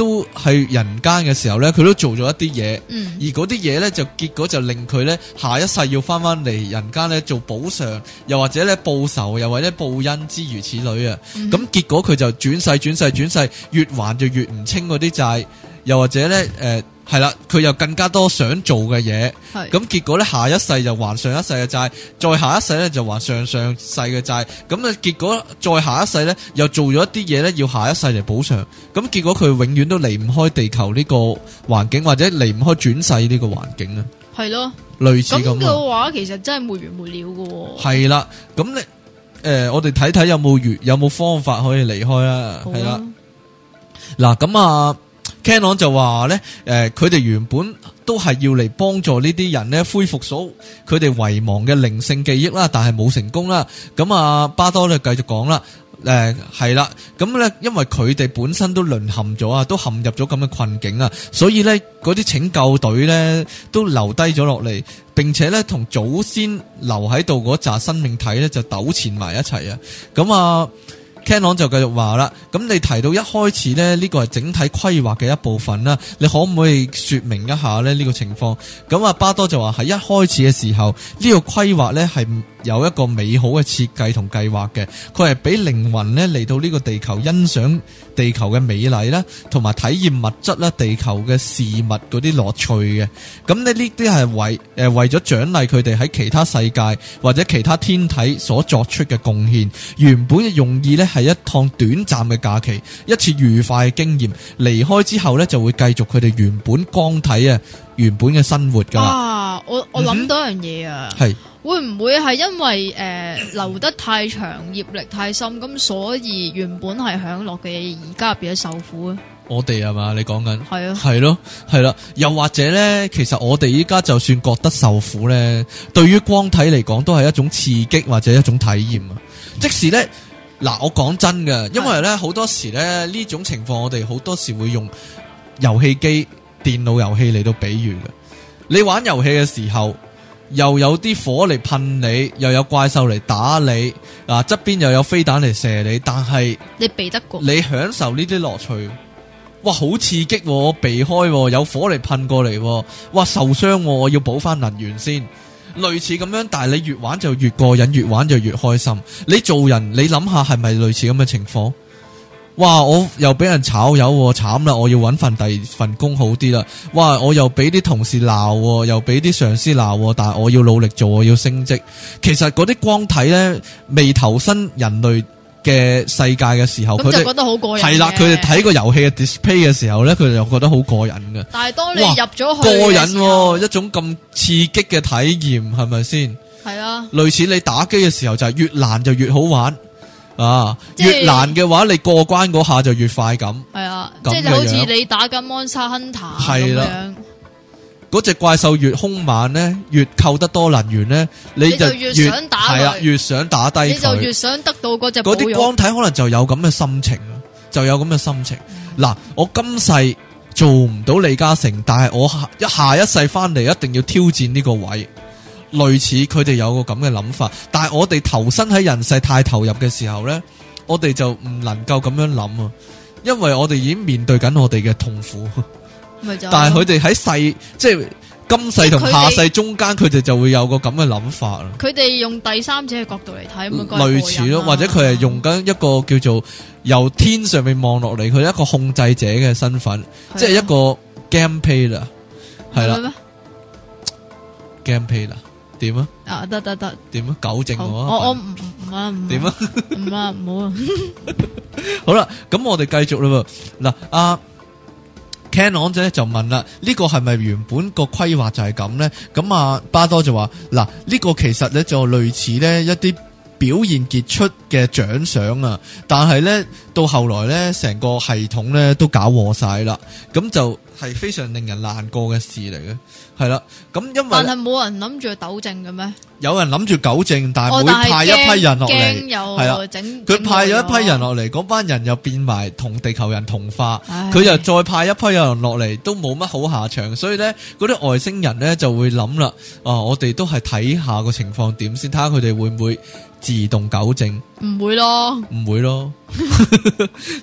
都係人間嘅時候呢，佢都做咗一啲嘢，嗯、而嗰啲嘢呢，就結果就令佢呢，下一世要翻翻嚟人間呢做補償，又或者呢報仇，又或者呢報恩之如此類啊。咁、嗯、結果佢就轉世轉世轉世，越還就越唔清嗰啲債，又或者呢。誒、呃。係啦，佢又更加多想做嘅嘢，咁結果呢，下一世就還上一世嘅債，再下一世呢就還上上世嘅債，咁啊，結果再下一世呢又做咗一啲嘢呢，要下一世嚟補償咁結果佢永遠都離唔開地球呢個環境，或者離唔開轉世呢個環境啊。係咯，類似咁嘅話，其實真係沒完沒了㗎喎。係啦，咁你誒，我哋睇睇有冇月，有冇方法可以離開啊？係啦，嗱，咁啊。Canon 就話咧，誒佢哋原本都係要嚟幫助呢啲人咧，恢復所佢哋遺忘嘅靈性記憶啦，但係冇成功啦。咁、嗯、啊，巴多咧繼續講啦，誒、呃、係啦。咁、嗯、咧，因為佢哋本身都淪陷咗啊，都陷入咗咁嘅困境啊，所以咧嗰啲拯救隊咧都留低咗落嚟，並且咧同祖先留喺度嗰紮生命體咧就糾纏埋一齊啊。咁、嗯、啊～、嗯 Ken 朗就繼續話啦，咁你提到一開始呢，呢個係整體規劃嘅一部分啦，你可唔可以説明一下咧呢個情況？咁，啊巴多就話，喺一開始嘅時候，呢個規劃呢係。有一個美好嘅設計同計劃嘅，佢係俾靈魂呢嚟到呢個地球欣賞地球嘅美麗啦，同埋體驗物質啦地球嘅事物嗰啲樂趣嘅。咁呢呢啲係為誒、呃、為咗獎勵佢哋喺其他世界或者其他天體所作出嘅貢獻。原本嘅用意呢係一趟短暫嘅假期，一次愉快嘅經驗。離開之後呢，就會繼續佢哋原本光體啊原本嘅生活噶啦、啊。我我諗到樣嘢啊，係、嗯。會唔會係因為誒、呃、留得太長 [coughs] 業力太深咁，所以原本係享樂嘅嘢，而家入邊受苦咧？我哋係嘛？你講緊係咯，係咯、啊，係啦。又或者咧，其實我哋依家就算覺得受苦咧，對於光體嚟講，都係一種刺激或者一種體驗啊。嗯、即使咧，嗱，我講真㗎，因為咧好多時咧呢種情況，我哋好多時會用遊戲機、電腦遊戲嚟到比喻嘅。你玩遊戲嘅時候。又有啲火嚟噴你，又有怪獸嚟打你，嗱，側邊又有飛彈嚟射你，但係你避得過，你享受呢啲樂趣，哇好刺激、喎，我避開、喎、有火嚟噴過嚟、喎，哇受傷、喎，我要補翻能源先，類似咁樣，但係你越玩就越過癮，越玩就越開心。你做人，你諗下係咪類似咁嘅情況？哇！我又俾人炒魷，慘啦！我要揾份第二份工好啲啦。哇！我又俾啲同事鬧，又俾啲上司鬧，但係我要努力做，我要升職。其實嗰啲光體呢，未投身人類嘅世界嘅時候，佢哋係啦，佢哋睇個遊戲嘅 display 嘅時候呢，佢哋又覺得好過癮嘅。但係當你入咗去哇過癮喎、啊，一種咁刺激嘅體驗係咪先？係啊，類似你打機嘅時候，就係越難就越好玩。啊，是越難嘅話，你過關嗰下就越快咁。係啊，即係就好似你打緊、啊《Monster Hunter》咁樣，嗰隻怪獸越凶猛咧，越扣得多能源咧，你就，你就越想打佢、啊，越想打低佢，你就越想得到嗰隻。嗰啲光體可能就有咁嘅心情，就有咁嘅心情。嗱、嗯啊，我今世做唔到李嘉誠，但係我下一世翻嚟，一定要挑戰呢個位。類似佢哋有個咁嘅諗法，但係我哋投身喺人世太投入嘅時候呢，我哋就唔能夠咁樣諗啊，因為我哋已經面對緊我哋嘅痛苦。的但係佢哋喺世，即係今世同下世中間，佢哋就會有個咁嘅諗法。佢哋用第三者嘅角度嚟睇，類似咯，或者佢係用緊一個叫做由天上面望落嚟，佢一個控制者嘅身份，的即係一個 game payer 係啦，game payer。點啊？啊得得得，點啊？糾正我我我唔唔啊唔點啊唔啊唔好啊！好啦，咁我哋繼續啦噃，嗱阿 Canon 姐就問啦，呢個係咪原本個規劃就係咁咧？咁啊巴多就話，嗱呢個其實咧就類似呢一啲表現傑出嘅獎賞啊，但係咧到後來咧成個系統咧都搞和晒啦，咁就。係非常令人難過嘅事嚟嘅，係啦，咁、嗯、因為但係冇人諗住糾正嘅咩？有人諗住糾正，但係每派一批人落嚟，係啊、哦，佢的整派咗一批人落嚟，嗰、啊、班人又變埋同地球人同化，佢唉又再派一批人落嚟，都冇乜好下場。所以咧，嗰啲外星人咧就會諗啦，啊，我哋都係睇下個情況點先，睇下佢哋會唔會自動糾正？唔會咯，唔會咯。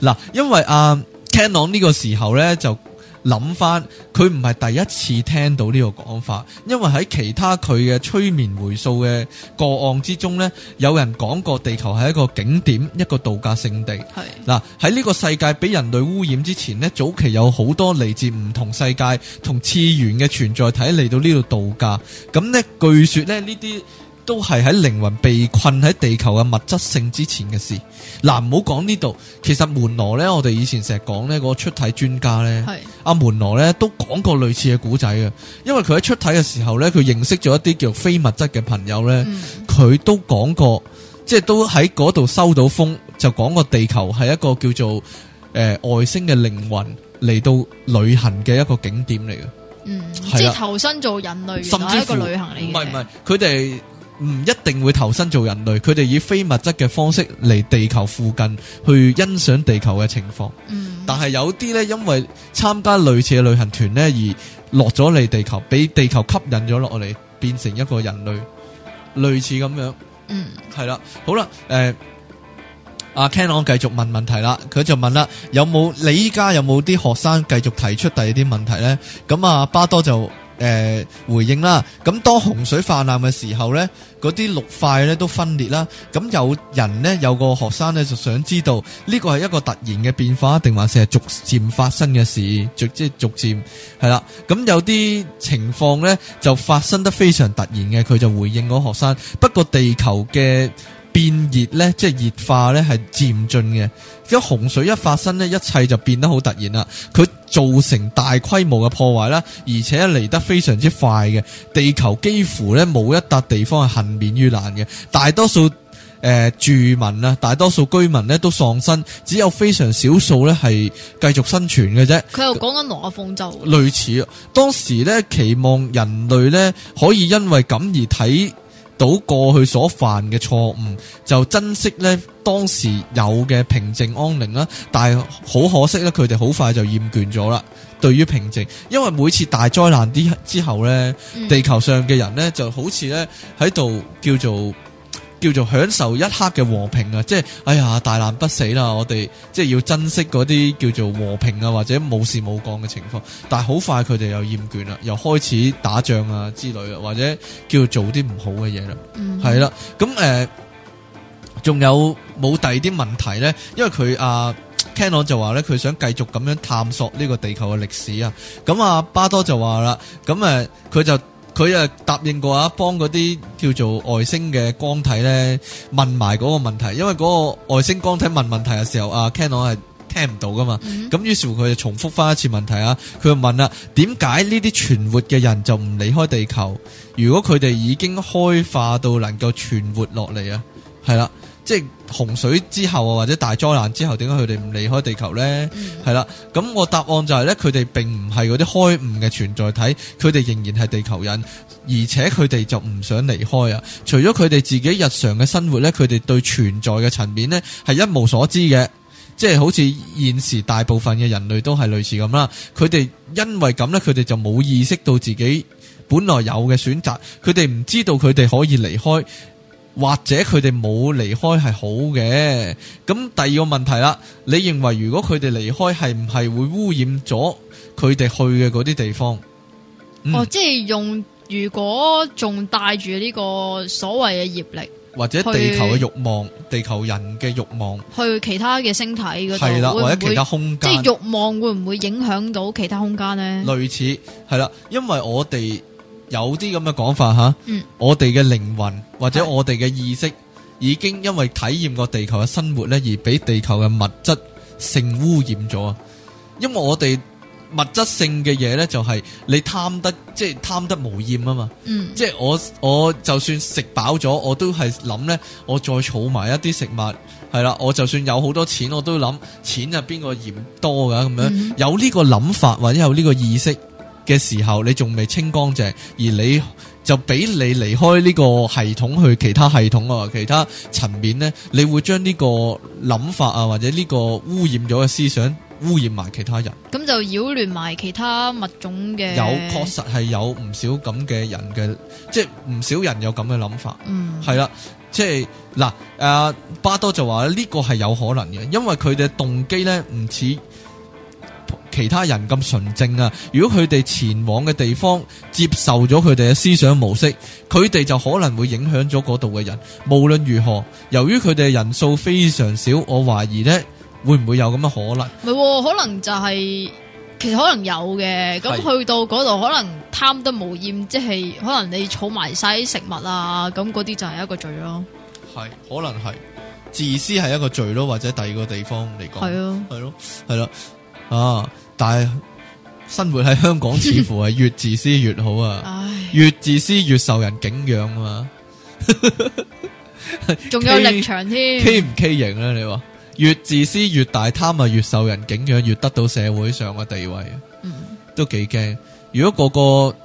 嗱， [laughs] [laughs] 因為啊，聽講呢個時候咧就。諗翻，佢唔係第一次聽到呢個講法，因為喺其他佢嘅催眠回溯嘅個案之中呢有人講過地球係一個景點，一個度假勝地。係嗱喺呢個世界俾人類污染之前呢早期有好多嚟自唔同世界同次元嘅存在體嚟到呢度度假。咁呢，據說呢呢啲。都係喺靈魂被困喺地球嘅物質性之前嘅事。嗱、啊，唔好講呢度。其實門羅呢，我哋以前成日講呢個出體專家呢，阿是、啊、門羅呢都講過類似嘅古仔嘅。因為佢喺出體嘅時候呢，佢認識咗一啲叫非物質嘅朋友呢，佢、嗯、都講過，即係都喺嗰度收到風，就講過地球係一個叫做誒、呃、外星嘅靈魂嚟到旅行嘅一個景點嚟嘅。嗯，的即係投身做人類嘅一個旅行嚟。唔係唔係，佢哋、呃。唔一定會投身做人類，佢哋以非物質嘅方式嚟地球附近去欣賞地球嘅情況。嗯，但係有啲呢，因為參加類似嘅旅行團呢，而落咗嚟地球，俾地球吸引咗落嚟，變成一個人類類似咁樣。嗯，係啦，好啦，誒、呃，阿 Ken 我繼續問問題啦，佢就問啦，「有冇？你依家有冇啲學生繼續提出第二啲問題呢？」咁啊，巴多就。誒，回應啦。咁當洪水泛濫嘅時候呢，嗰啲陸塊呢都分裂啦。咁有人呢，有個學生呢，就想知道呢個係一個突然嘅變化，定還是係逐漸發生嘅事？逐即逐漸係啦。咁有啲情況呢，就發生得非常突然嘅，佢就回應嗰個學生。不過地球嘅。變熱咧，即係熱化咧，係漸進嘅。咁洪水一發生呢，一切就變得好突然啦。佢造成大規模嘅破壞啦，而且嚟得非常之快嘅。地球幾乎咧冇一笪地方係幸免於難嘅。大多數誒、呃、住民啦，大多數居民呢都喪生，只有非常少數咧係繼續生存嘅啫。佢又講緊挪亞方舟，類似當時咧期望人類咧可以因為咁而睇到過去所犯嘅錯誤，就珍惜咧當時有嘅平靜安寧啦。但係好可惜咧，佢哋好快就厭倦咗啦。對於平靜，因為每次大災難啲之後咧，嗯、地球上嘅人咧就好似咧喺度叫做。叫做享受一刻嘅和平啊，即係哎呀大難不死啦，我哋即係要珍惜嗰啲叫做和平啊，或者冇事冇講嘅情況，但係好快佢哋又厭倦啦，又開始打仗啊之類啊，或者叫做啲唔好嘅嘢啦，係啦、嗯，咁誒仲有冇第二啲問題咧？因為佢啊、呃、Kenon 就話咧，佢想繼續咁樣探索呢個地球嘅歷史啊，咁啊，巴多就話啦，咁誒佢就。佢啊，就答應過啊，幫嗰啲叫做外星嘅光體咧問埋嗰個問題，因為嗰個外星光體問問題嘅時候，阿、啊、Ken o 我係聽唔到噶嘛，咁、嗯、於是乎佢就重複翻一次問題問啊，佢就問啦：點解呢啲存活嘅人就唔離開地球？如果佢哋已經開化到能夠存活落嚟啊？係啦，即係洪水之後啊，或者大災難之後，點解佢哋唔離開地球呢？係啦，咁我答案就係呢，佢哋並唔係嗰啲開悟嘅存在體，佢哋仍然係地球人，而且佢哋就唔想離開啊。除咗佢哋自己日常嘅生活呢，佢哋對存在嘅層面呢係一無所知嘅，即係好似現時大部分嘅人類都係類似咁啦。佢哋因為咁呢，佢哋就冇意識到自己本來有嘅選擇，佢哋唔知道佢哋可以離開。或者佢哋冇離開係好嘅，咁第二個問題啦，你認為如果佢哋離開係唔係會污染咗佢哋去嘅嗰啲地方？嗯、哦，即係用如果仲帶住呢個所謂嘅業力，或者地球嘅欲望、去地球人嘅欲望去其他嘅星體嗰度，的會會或者其他空間，即係欲望會唔會影響到其他空間呢？類似係啦，因為我哋。有啲咁嘅講法吓，嗯、我哋嘅靈魂或者我哋嘅意識，是已經因為體驗過地球嘅生活咧，而俾地球嘅物質性污染咗。因為我哋物質性嘅嘢咧，就係你貪得即係、即係、貪得無厭啊嘛。嗯、即係我我就算食飽咗，我都係諗咧，我再儲埋一啲食物係啦。我就算有好多錢，我都諗錢啊邊個嫌多噶咁樣。嗯、有呢個諗法或者有呢個意識，嘅時候，你仲未清光淨，而你就俾你離開呢個系統去其他系統啊，其他層面呢，你會將呢個諗法啊，或者呢個污染咗嘅思想污染埋其他人，咁就擾亂埋其他物種嘅。有確實係有唔少咁嘅人嘅，即係唔少人有咁嘅諗法。嗯，係啦，即係嗱，阿、呃、巴多就話呢個係有可能嘅，因為佢哋動機呢，唔似。其他人咁純正啊！如果佢哋前往嘅地方接受咗佢哋嘅思想模式，佢哋就可能會影響咗嗰度嘅人。無論如何，由於佢哋嘅人數非常少，我懷疑呢會唔會有咁嘅可能？唔係、哦，可能就係、是、其實可能有嘅。咁去到嗰度係，可能貪得無厭，即係可能你儲埋晒食物啊，咁嗰啲就係一個罪咯。係，可能係自私係一個罪咯，或者第二個地方嚟講，係咯、啊，係咯，係啦。啊，但係生活喺香港似乎係越自私越好啊， [laughs] 唉越自私越受人敬仰啊，嘛，仲有力場添，畸唔畸形啊？你話越自私越大貪啊，越受人敬仰，越得到社會上嘅地位。嗯，都幾驚。如果個個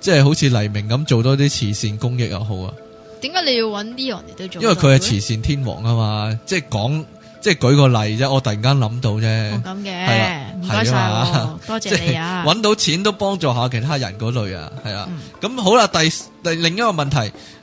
即係、就是、好似黎明咁做多啲慈善公益又好啊？點解你要搵 Leon 嚟都做？因為佢係慈善天王啊嘛，即係講。即係舉個例啫，我突然間諗到啫，係啦，唔該晒，吧多謝你啊！搵到錢都幫助下其他人嗰類啊，係啊。咁、嗯、好啦，第第另一個問題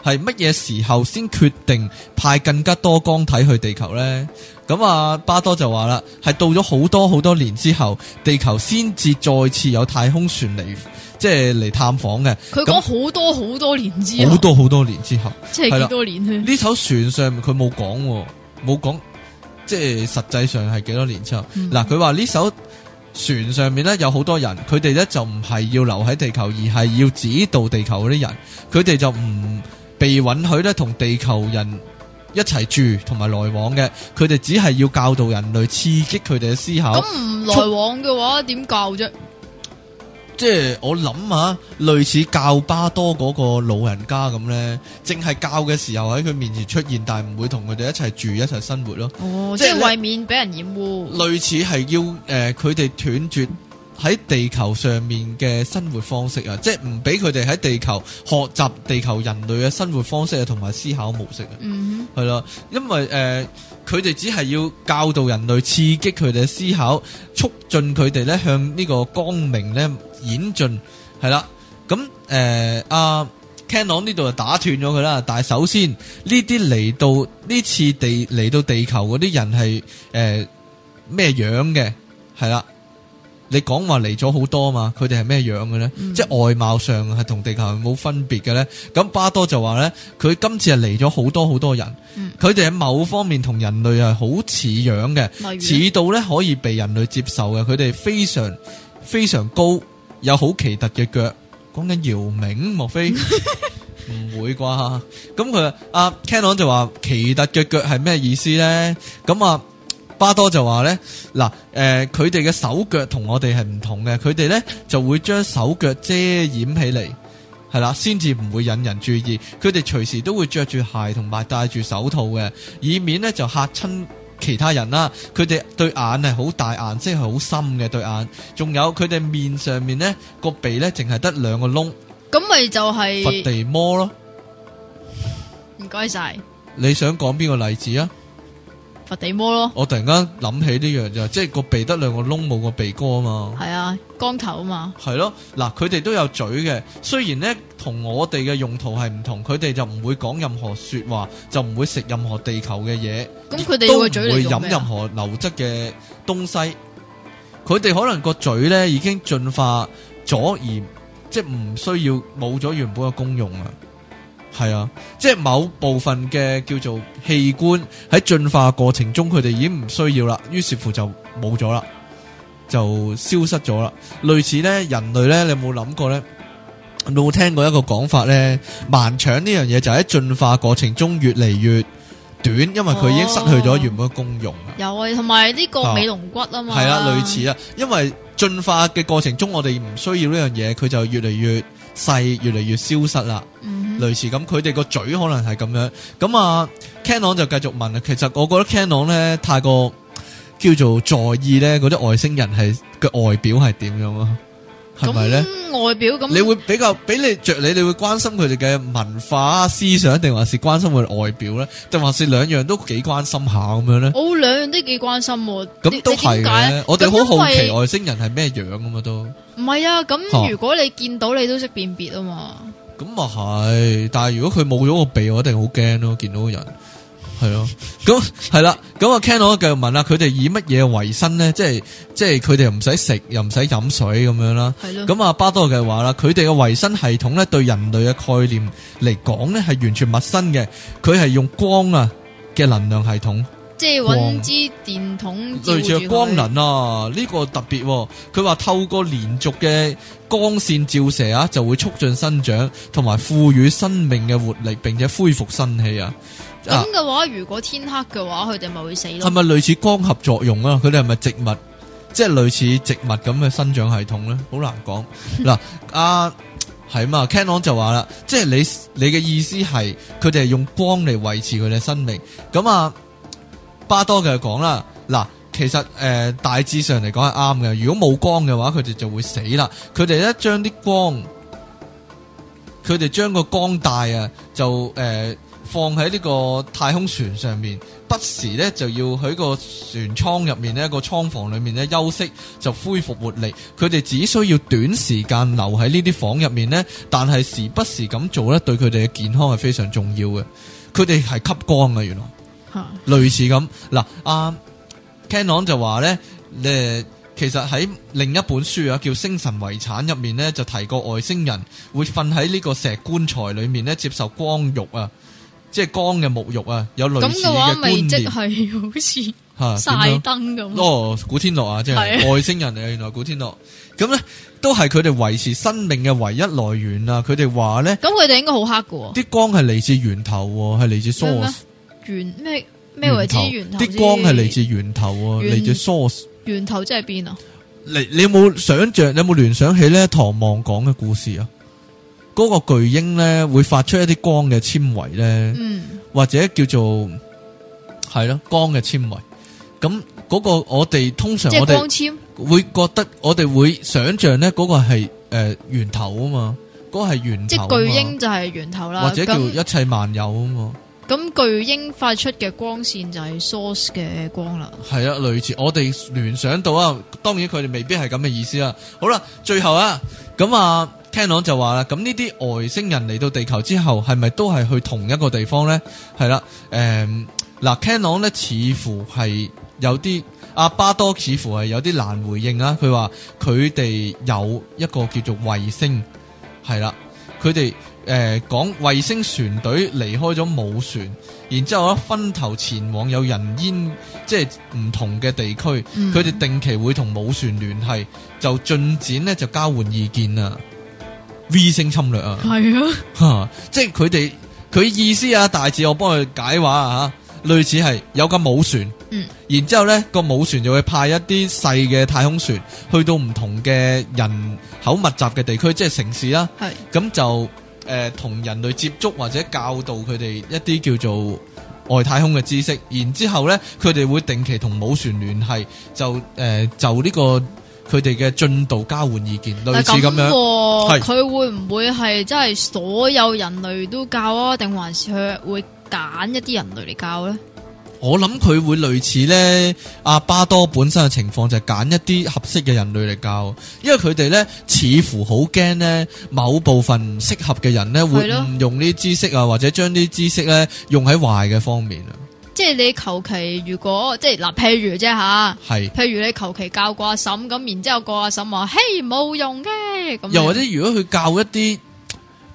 係乜嘢時候先決定派更加多光體去地球咧？咁啊，巴多就話啦，係到咗好多好多年之後，地球先至再次有太空船嚟，即係嚟探訪嘅。佢講好多好多年之後，好多好多年之後，即係幾多年？呢艘船上佢冇講，冇講。即係實際上係幾多年之後，嗱，佢話呢艘船上面咧，有好多人，佢哋咧就唔係要留喺地球，而係要指導地球嗰啲人，佢哋就唔被允許咧同地球人一齊住同埋來往嘅，佢哋只係要教導人類，刺激佢哋嘅思考。咁唔，嗯，來往嘅話，點從教啫？即係我諗下，類似教巴多嗰個老人家咁呢，淨係教嘅時候喺佢面前出現，但係唔會同佢哋一齊住一齊生活咯。哦，即係為免俾人染污，類似係要誒佢哋斷絕。喺地球上面嘅生活方式啊，即係唔俾佢哋喺地球學習地球人類嘅生活方式啊，同埋思考模式啊，嗯哼，係咯，因為誒，佢哋只係要教導人類，刺激佢哋嘅思考，促進佢哋咧向呢個光明咧演進，係啦，咁誒阿 Canon 呢度就打斷咗佢啦，但係首先呢啲嚟到呢次地嚟到地球嗰啲人係誒咩樣嘅，係啦。你講話嚟咗好多嘛？佢哋係咩樣嘅咧？嗯、即係外貌上係同地球冇分別嘅咧？咁巴多就話咧，佢今次係嚟咗好多好多人，佢哋喺某方面同人類係好似樣嘅，似、嗯、到咧可以被人類接受嘅。佢哋非常非常高，有好奇特嘅腳。講緊姚明，莫非唔 [laughs] 會啩？咁佢阿 Canon 就話奇特嘅腳係咩意思咧？咁啊？巴多就話咧，嗱，誒、呃，佢哋嘅手腳同我哋係唔同嘅，佢哋咧就會將手腳遮掩起嚟，係啦，先至唔會引人注意。佢哋隨時都會着住鞋同埋戴住手套嘅，以免呢就嚇親其他人啦。佢哋對眼係好大，眼，即係好深嘅對眼。仲有，佢哋面上面呢個鼻呢，淨係得兩個窿。咁咪就係、是、佛地魔咯。唔該晒。你想講邊個例子啊？伏地魔咯！我突然間諗起呢樣，就即係個鼻得兩個窿，冇個鼻哥啊嘛。係啊，光頭啊嘛。係咯，嗱，佢哋都有嘴嘅，雖然咧同我哋嘅用途係唔同，佢哋就唔會講任何說話，就唔會食任何地球嘅嘢。咁佢哋都唔會飲任何流質嘅東西。佢哋可能個嘴咧已經進化咗，而即係唔需要冇咗原本嘅功用啊。係啊，即係某部分嘅叫做器官喺進化過程中，佢哋已經唔需要啦，於是乎就冇咗啦，就消失咗啦。類似呢，人類呢，你有冇諗過呢？你有冇聽過一個講法呢？盲腸呢樣嘢就喺進化過程中越嚟越短，因為佢已經失去咗原本嘅功用。哦、有啊，同埋呢個尾龍骨啊嘛。係啊，類似啊，因為進化嘅過程中，我哋唔需要呢樣嘢，佢就越嚟越細，越嚟越消失啦。嗯類似咁，佢哋個嘴可能係咁樣。咁啊，Canon 就繼續問啦。其實我覺得 Canon 咧太過叫做在意咧嗰啲外星人係嘅外表係點樣咯，係咪咧？外表咁，你會比較俾你着你，你會關心佢哋嘅文化思想，定還是關心佢外表咧？定還是兩樣都幾關心下咁樣咧？哦，兩樣都幾關心。咁都係嘅，我哋好好奇外星人係咩樣啊嘛都。唔係啊，咁如果你見到你都識辨別啊嘛。咁啊係，但係如果佢冇咗個鼻，我一定好驚咯！見到個人，係咯，咁係啦，咁啊，Ken 哥繼續問啦，佢哋以乜嘢為生咧？即係即係佢哋又唔使食，又唔使飲水咁樣啦。係咯的，咁啊巴多嘅話啦，佢哋嘅維生系統咧，對人類嘅概念嚟講咧，係完全陌生嘅。佢係用光啊嘅能量系統。即係揾支電筒，類似光能啊！呢個特別啊，佢話透過連續嘅光線照射啊，就會促進生長，同埋賦予生命嘅活力，並且恢復生氣啊！咁嘅、啊、話，如果天黑嘅話，佢哋咪會死咯？係咪類似光合作用啊？佢哋係咪植物？即係類似植物咁嘅生長系統咧？好難講。嗱，啊，係 [laughs] 啊嘛，Canon 就話啦，即係你你嘅意思係佢哋係用光嚟維持佢哋嘅生命咁啊？巴多嘅就講啦，嗱，其實誒、呃、大致上嚟講係啱嘅。如果冇光嘅話，佢哋就會死啦。佢哋咧將啲光，佢哋將個光帶啊，就誒、呃、放喺呢個太空船上面，不時咧就要喺個船艙入面咧一個艙房裏面咧休息，就恢復活力。佢哋只需要短時間留喺呢啲房入面咧，但係時不時咁做咧，對佢哋嘅健康係非常重要嘅。佢哋係吸光嘅，原來。類似咁，嗱，阿、啊、Canon 就話咧，誒、呃，其實喺另一本書啊，叫《星辰遺產》入面咧，就提過外星人會瞓喺呢個石棺材裏面咧，接受光浴啊，即係光嘅沐浴啊，有類似嘅觀念係好似吓曬燈咁。啊、哦，古天樂啊，即係外星人嚟 [laughs] 原來古天樂咁咧，都係佢哋維持生命嘅唯一來源啊。佢哋話咧，咁佢哋應該好黑噶，啲光係嚟自源頭，係嚟自 source, s 蘇。源咩咩為之源頭？啲頭光係嚟自源頭啊，嚟源自 source 源頭即係邊啊？嚟你，你有冇想象？你有冇聯想起咧？唐望講嘅故事啊，嗰、那個巨鷹咧會發出一啲光嘅纖維咧，嗯、或者叫做係咯、啊、光嘅纖維。咁、那、嗰個我哋通常光我哋會覺得我哋會想象咧嗰個係誒、呃、源頭啊嘛，嗰、那、係、個、源頭。即巨鷹就係源頭啦，或者叫一切萬有啊嘛。那個咁巨鷹發出嘅光線就係 source 嘅光啦，係啊，類似我哋聯想到啊，當然佢哋未必係咁嘅意思啦、啊。好啦，最後啊，咁啊，Kenon 就話啦，咁呢啲外星人嚟到地球之後，係咪都係去同一個地方咧？係啦、啊，誒、嗯，嗱、啊、Kenon 咧似乎係有啲阿、啊、巴多似乎係有啲難回應啊。佢話佢哋有一個叫做衛星，係啦、啊，佢哋。誒，講衛、呃、星船隊離開咗母船，然之後咧分頭前往有人煙，即係唔同嘅地區。佢哋、嗯、定期會同母船聯繫，就進展呢就交換意見啊。V 星侵略啊，係啊， [laughs] 即係佢哋佢意思啊，大致我幫佢解話啊，吓，類似係有架母船，嗯，然之後咧個母船就會派一啲細嘅太空船去到唔同嘅人口密集嘅地區，即係城市啦、啊，係咁是就。誒，同、呃、人類接觸或者教導佢哋一啲叫做外太空嘅知識，然之後呢，佢哋會定期同母船聯繫，就誒、呃、就呢、這個佢哋嘅進度交換意見，類似咁樣。佢、啊、是會唔會係真係所有人類都教啊？定還是佢會揀一啲人類嚟教呢？我諗佢會類似呢，阿巴多本身嘅情況，就係揀一啲合適嘅人類嚟教，因為佢哋呢，似乎好驚呢某部分唔適合嘅人呢，會唔用呢知識啊，或者將啲知識呢用喺壞嘅方面啊。即係你求其如果即係嗱，譬如啫吓，係譬如你求其教個阿嬸咁，然之後個阿嬸話：嘿，冇用嘅咁。又或者如果佢教一啲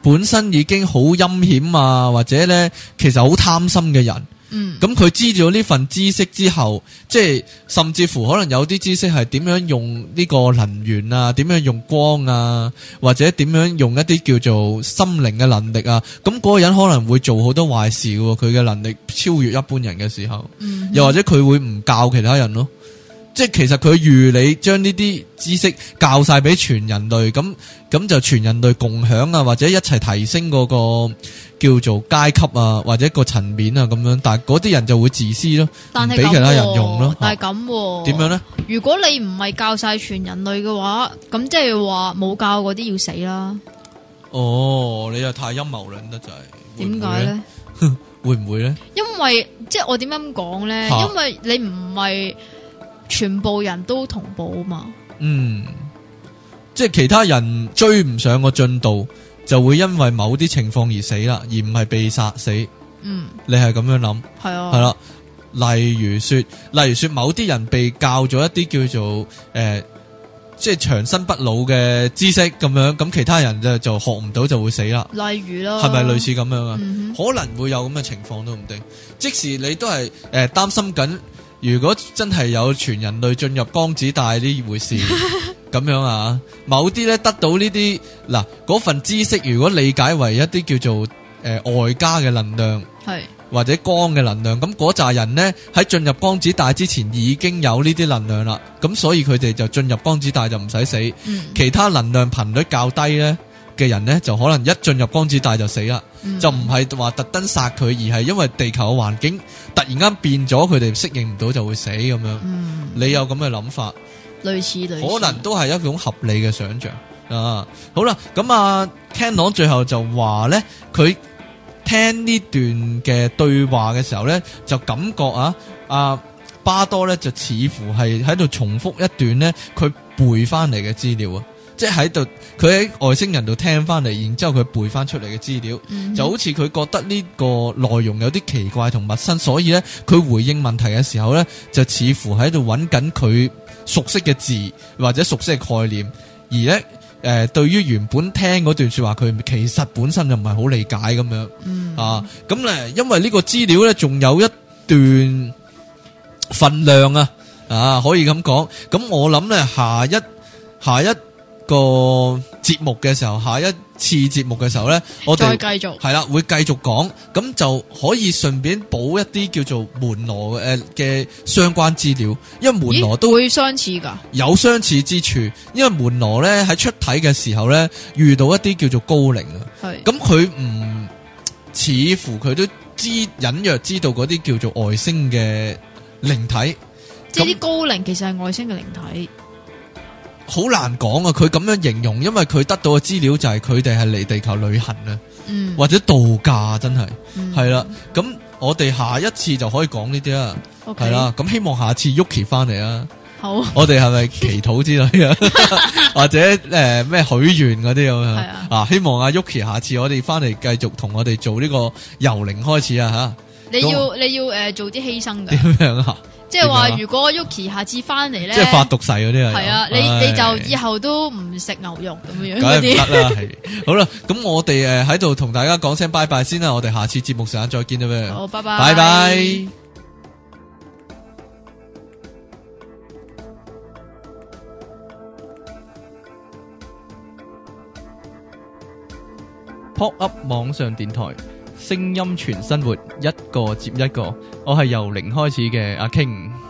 本身已經好陰險啊，或者呢其實好貪心嘅人。咁佢、嗯、知道呢份知識之後，即係甚至乎可能有啲知識係點樣用呢個能源啊，點樣用光啊，或者點樣用一啲叫做心靈嘅能力啊，咁、那、嗰個人可能會做好多壞事喎。佢嘅能力超越一般人嘅時候，嗯、又或者佢會唔教其他人咯。即係其實佢預你將呢啲知識教晒俾全人類，咁，咁就全人類共享啊，或者一齊提升嗰、嗰個叫做階級啊或者一個層面啊咁樣，但係嗰啲人就會自私咯，唔俾、啊、其他人用咯。但係咁點樣咧、啊？啊、樣呢，如果你唔係教晒全人類嘅話，咁即係話冇教嗰啲要死啦。哦，你又太陰謀論得就滯。點解咧？會唔會咧？因為即係我點樣講咧？啊、因為你唔係。全部人都同步啊嘛，嗯，即係其他人追唔上個進度，就會因為某啲情況而死啦，而唔係被殺死。嗯，你係咁樣諗，係啊，係啦。例如說，例如說，某啲人被教咗一啲叫做誒、呃，即係長生不老嘅知識咁樣，咁其他人咧就，就學唔到就會死啦。例如咯，係咪類似咁樣啊？嗯哼，可能會有咁嘅情況都唔定。即使你都係誒擔心緊。如果真係有全人類進入光子帶呢回事咁 [laughs] 樣啊，某啲呢得到呢啲嗱嗰份知識，如果理解為一啲叫做誒、呃、外加嘅能量，係是或者光嘅能量，咁嗰扎人呢喺進入光子帶之前已經有呢啲能量啦，咁所以佢哋就進入光子帶就唔使死，嗯、其他能量頻率較低呢，嘅人呢，就可能一進入光子帶就死啦，嗯、就唔係話特登殺佢，而係因為地球嘅環境突然間變咗，佢哋適應唔到就會死咁樣。嗯、你有咁嘅諗法？類似類似，可能都係一種合理嘅想像啊！好啦，咁啊，Cannon 最後就話呢，佢聽呢段嘅對話嘅時候呢，就感覺啊啊巴多呢，就似乎係喺度重複一段呢，佢背返嚟嘅資料啊。即係喺度，佢喺外星人度聽翻嚟，然之後佢背翻出嚟嘅資料，就好似佢覺得呢個內容有啲奇怪同陌生，所以咧佢回應問題嘅時候咧，就似乎喺度揾緊佢熟悉嘅字或者熟悉嘅概念，而咧誒，對於原本聽嗰段說話，佢其實本身就唔係好理解咁樣，啊，咁咧，因為呢個資料咧，仲有一段份量，啊，啊，可以咁講，咁我諗咧，下一下一。個節目嘅時候，下一次節目嘅時候呢，我哋係啦，會繼續講，咁就可以順便補一啲叫做門羅嘅、呃、相關資料，因為門羅都會相似噶，有相似之處，因為門羅呢喺出體嘅時候呢，遇到一啲叫做高靈啊，咁佢唔似乎佢都知隱約知道嗰啲叫做外星嘅靈體，即係是啲那高靈其實係外星嘅靈體。好難講啊！佢咁樣形容，因為佢得到嘅資料就係佢哋係嚟地球旅行啊，嗯、或者度假，真係係啦。咁、嗯、我哋下一次就可以講呢啲啊，係啦 Okay。咁希望下次 Yuki 翻嚟啊，好，我哋係咪祈禱之類啊，或者誒咩許願嗰啲咁啊？啊，希望阿、啊、Yuki 下次我哋翻嚟繼續同我哋做呢個游靈開始啊吓！你要我你要誒、呃、做啲犧牲噶。點樣啊？即係話，如果 Yuki 下次翻嚟咧，即係發毒誓嗰啲啊？係啊、哎，你你就以後都唔食牛肉咁樣嗰啲。係 [laughs] 好啦，咁我哋誒喺度同大家講聲拜拜先啦，我哋下次節目時間再見啦。好，拜拜，拜拜。Pop Up 網上電台。聲音全生活，一個接一個。我係由零開始嘅阿 King。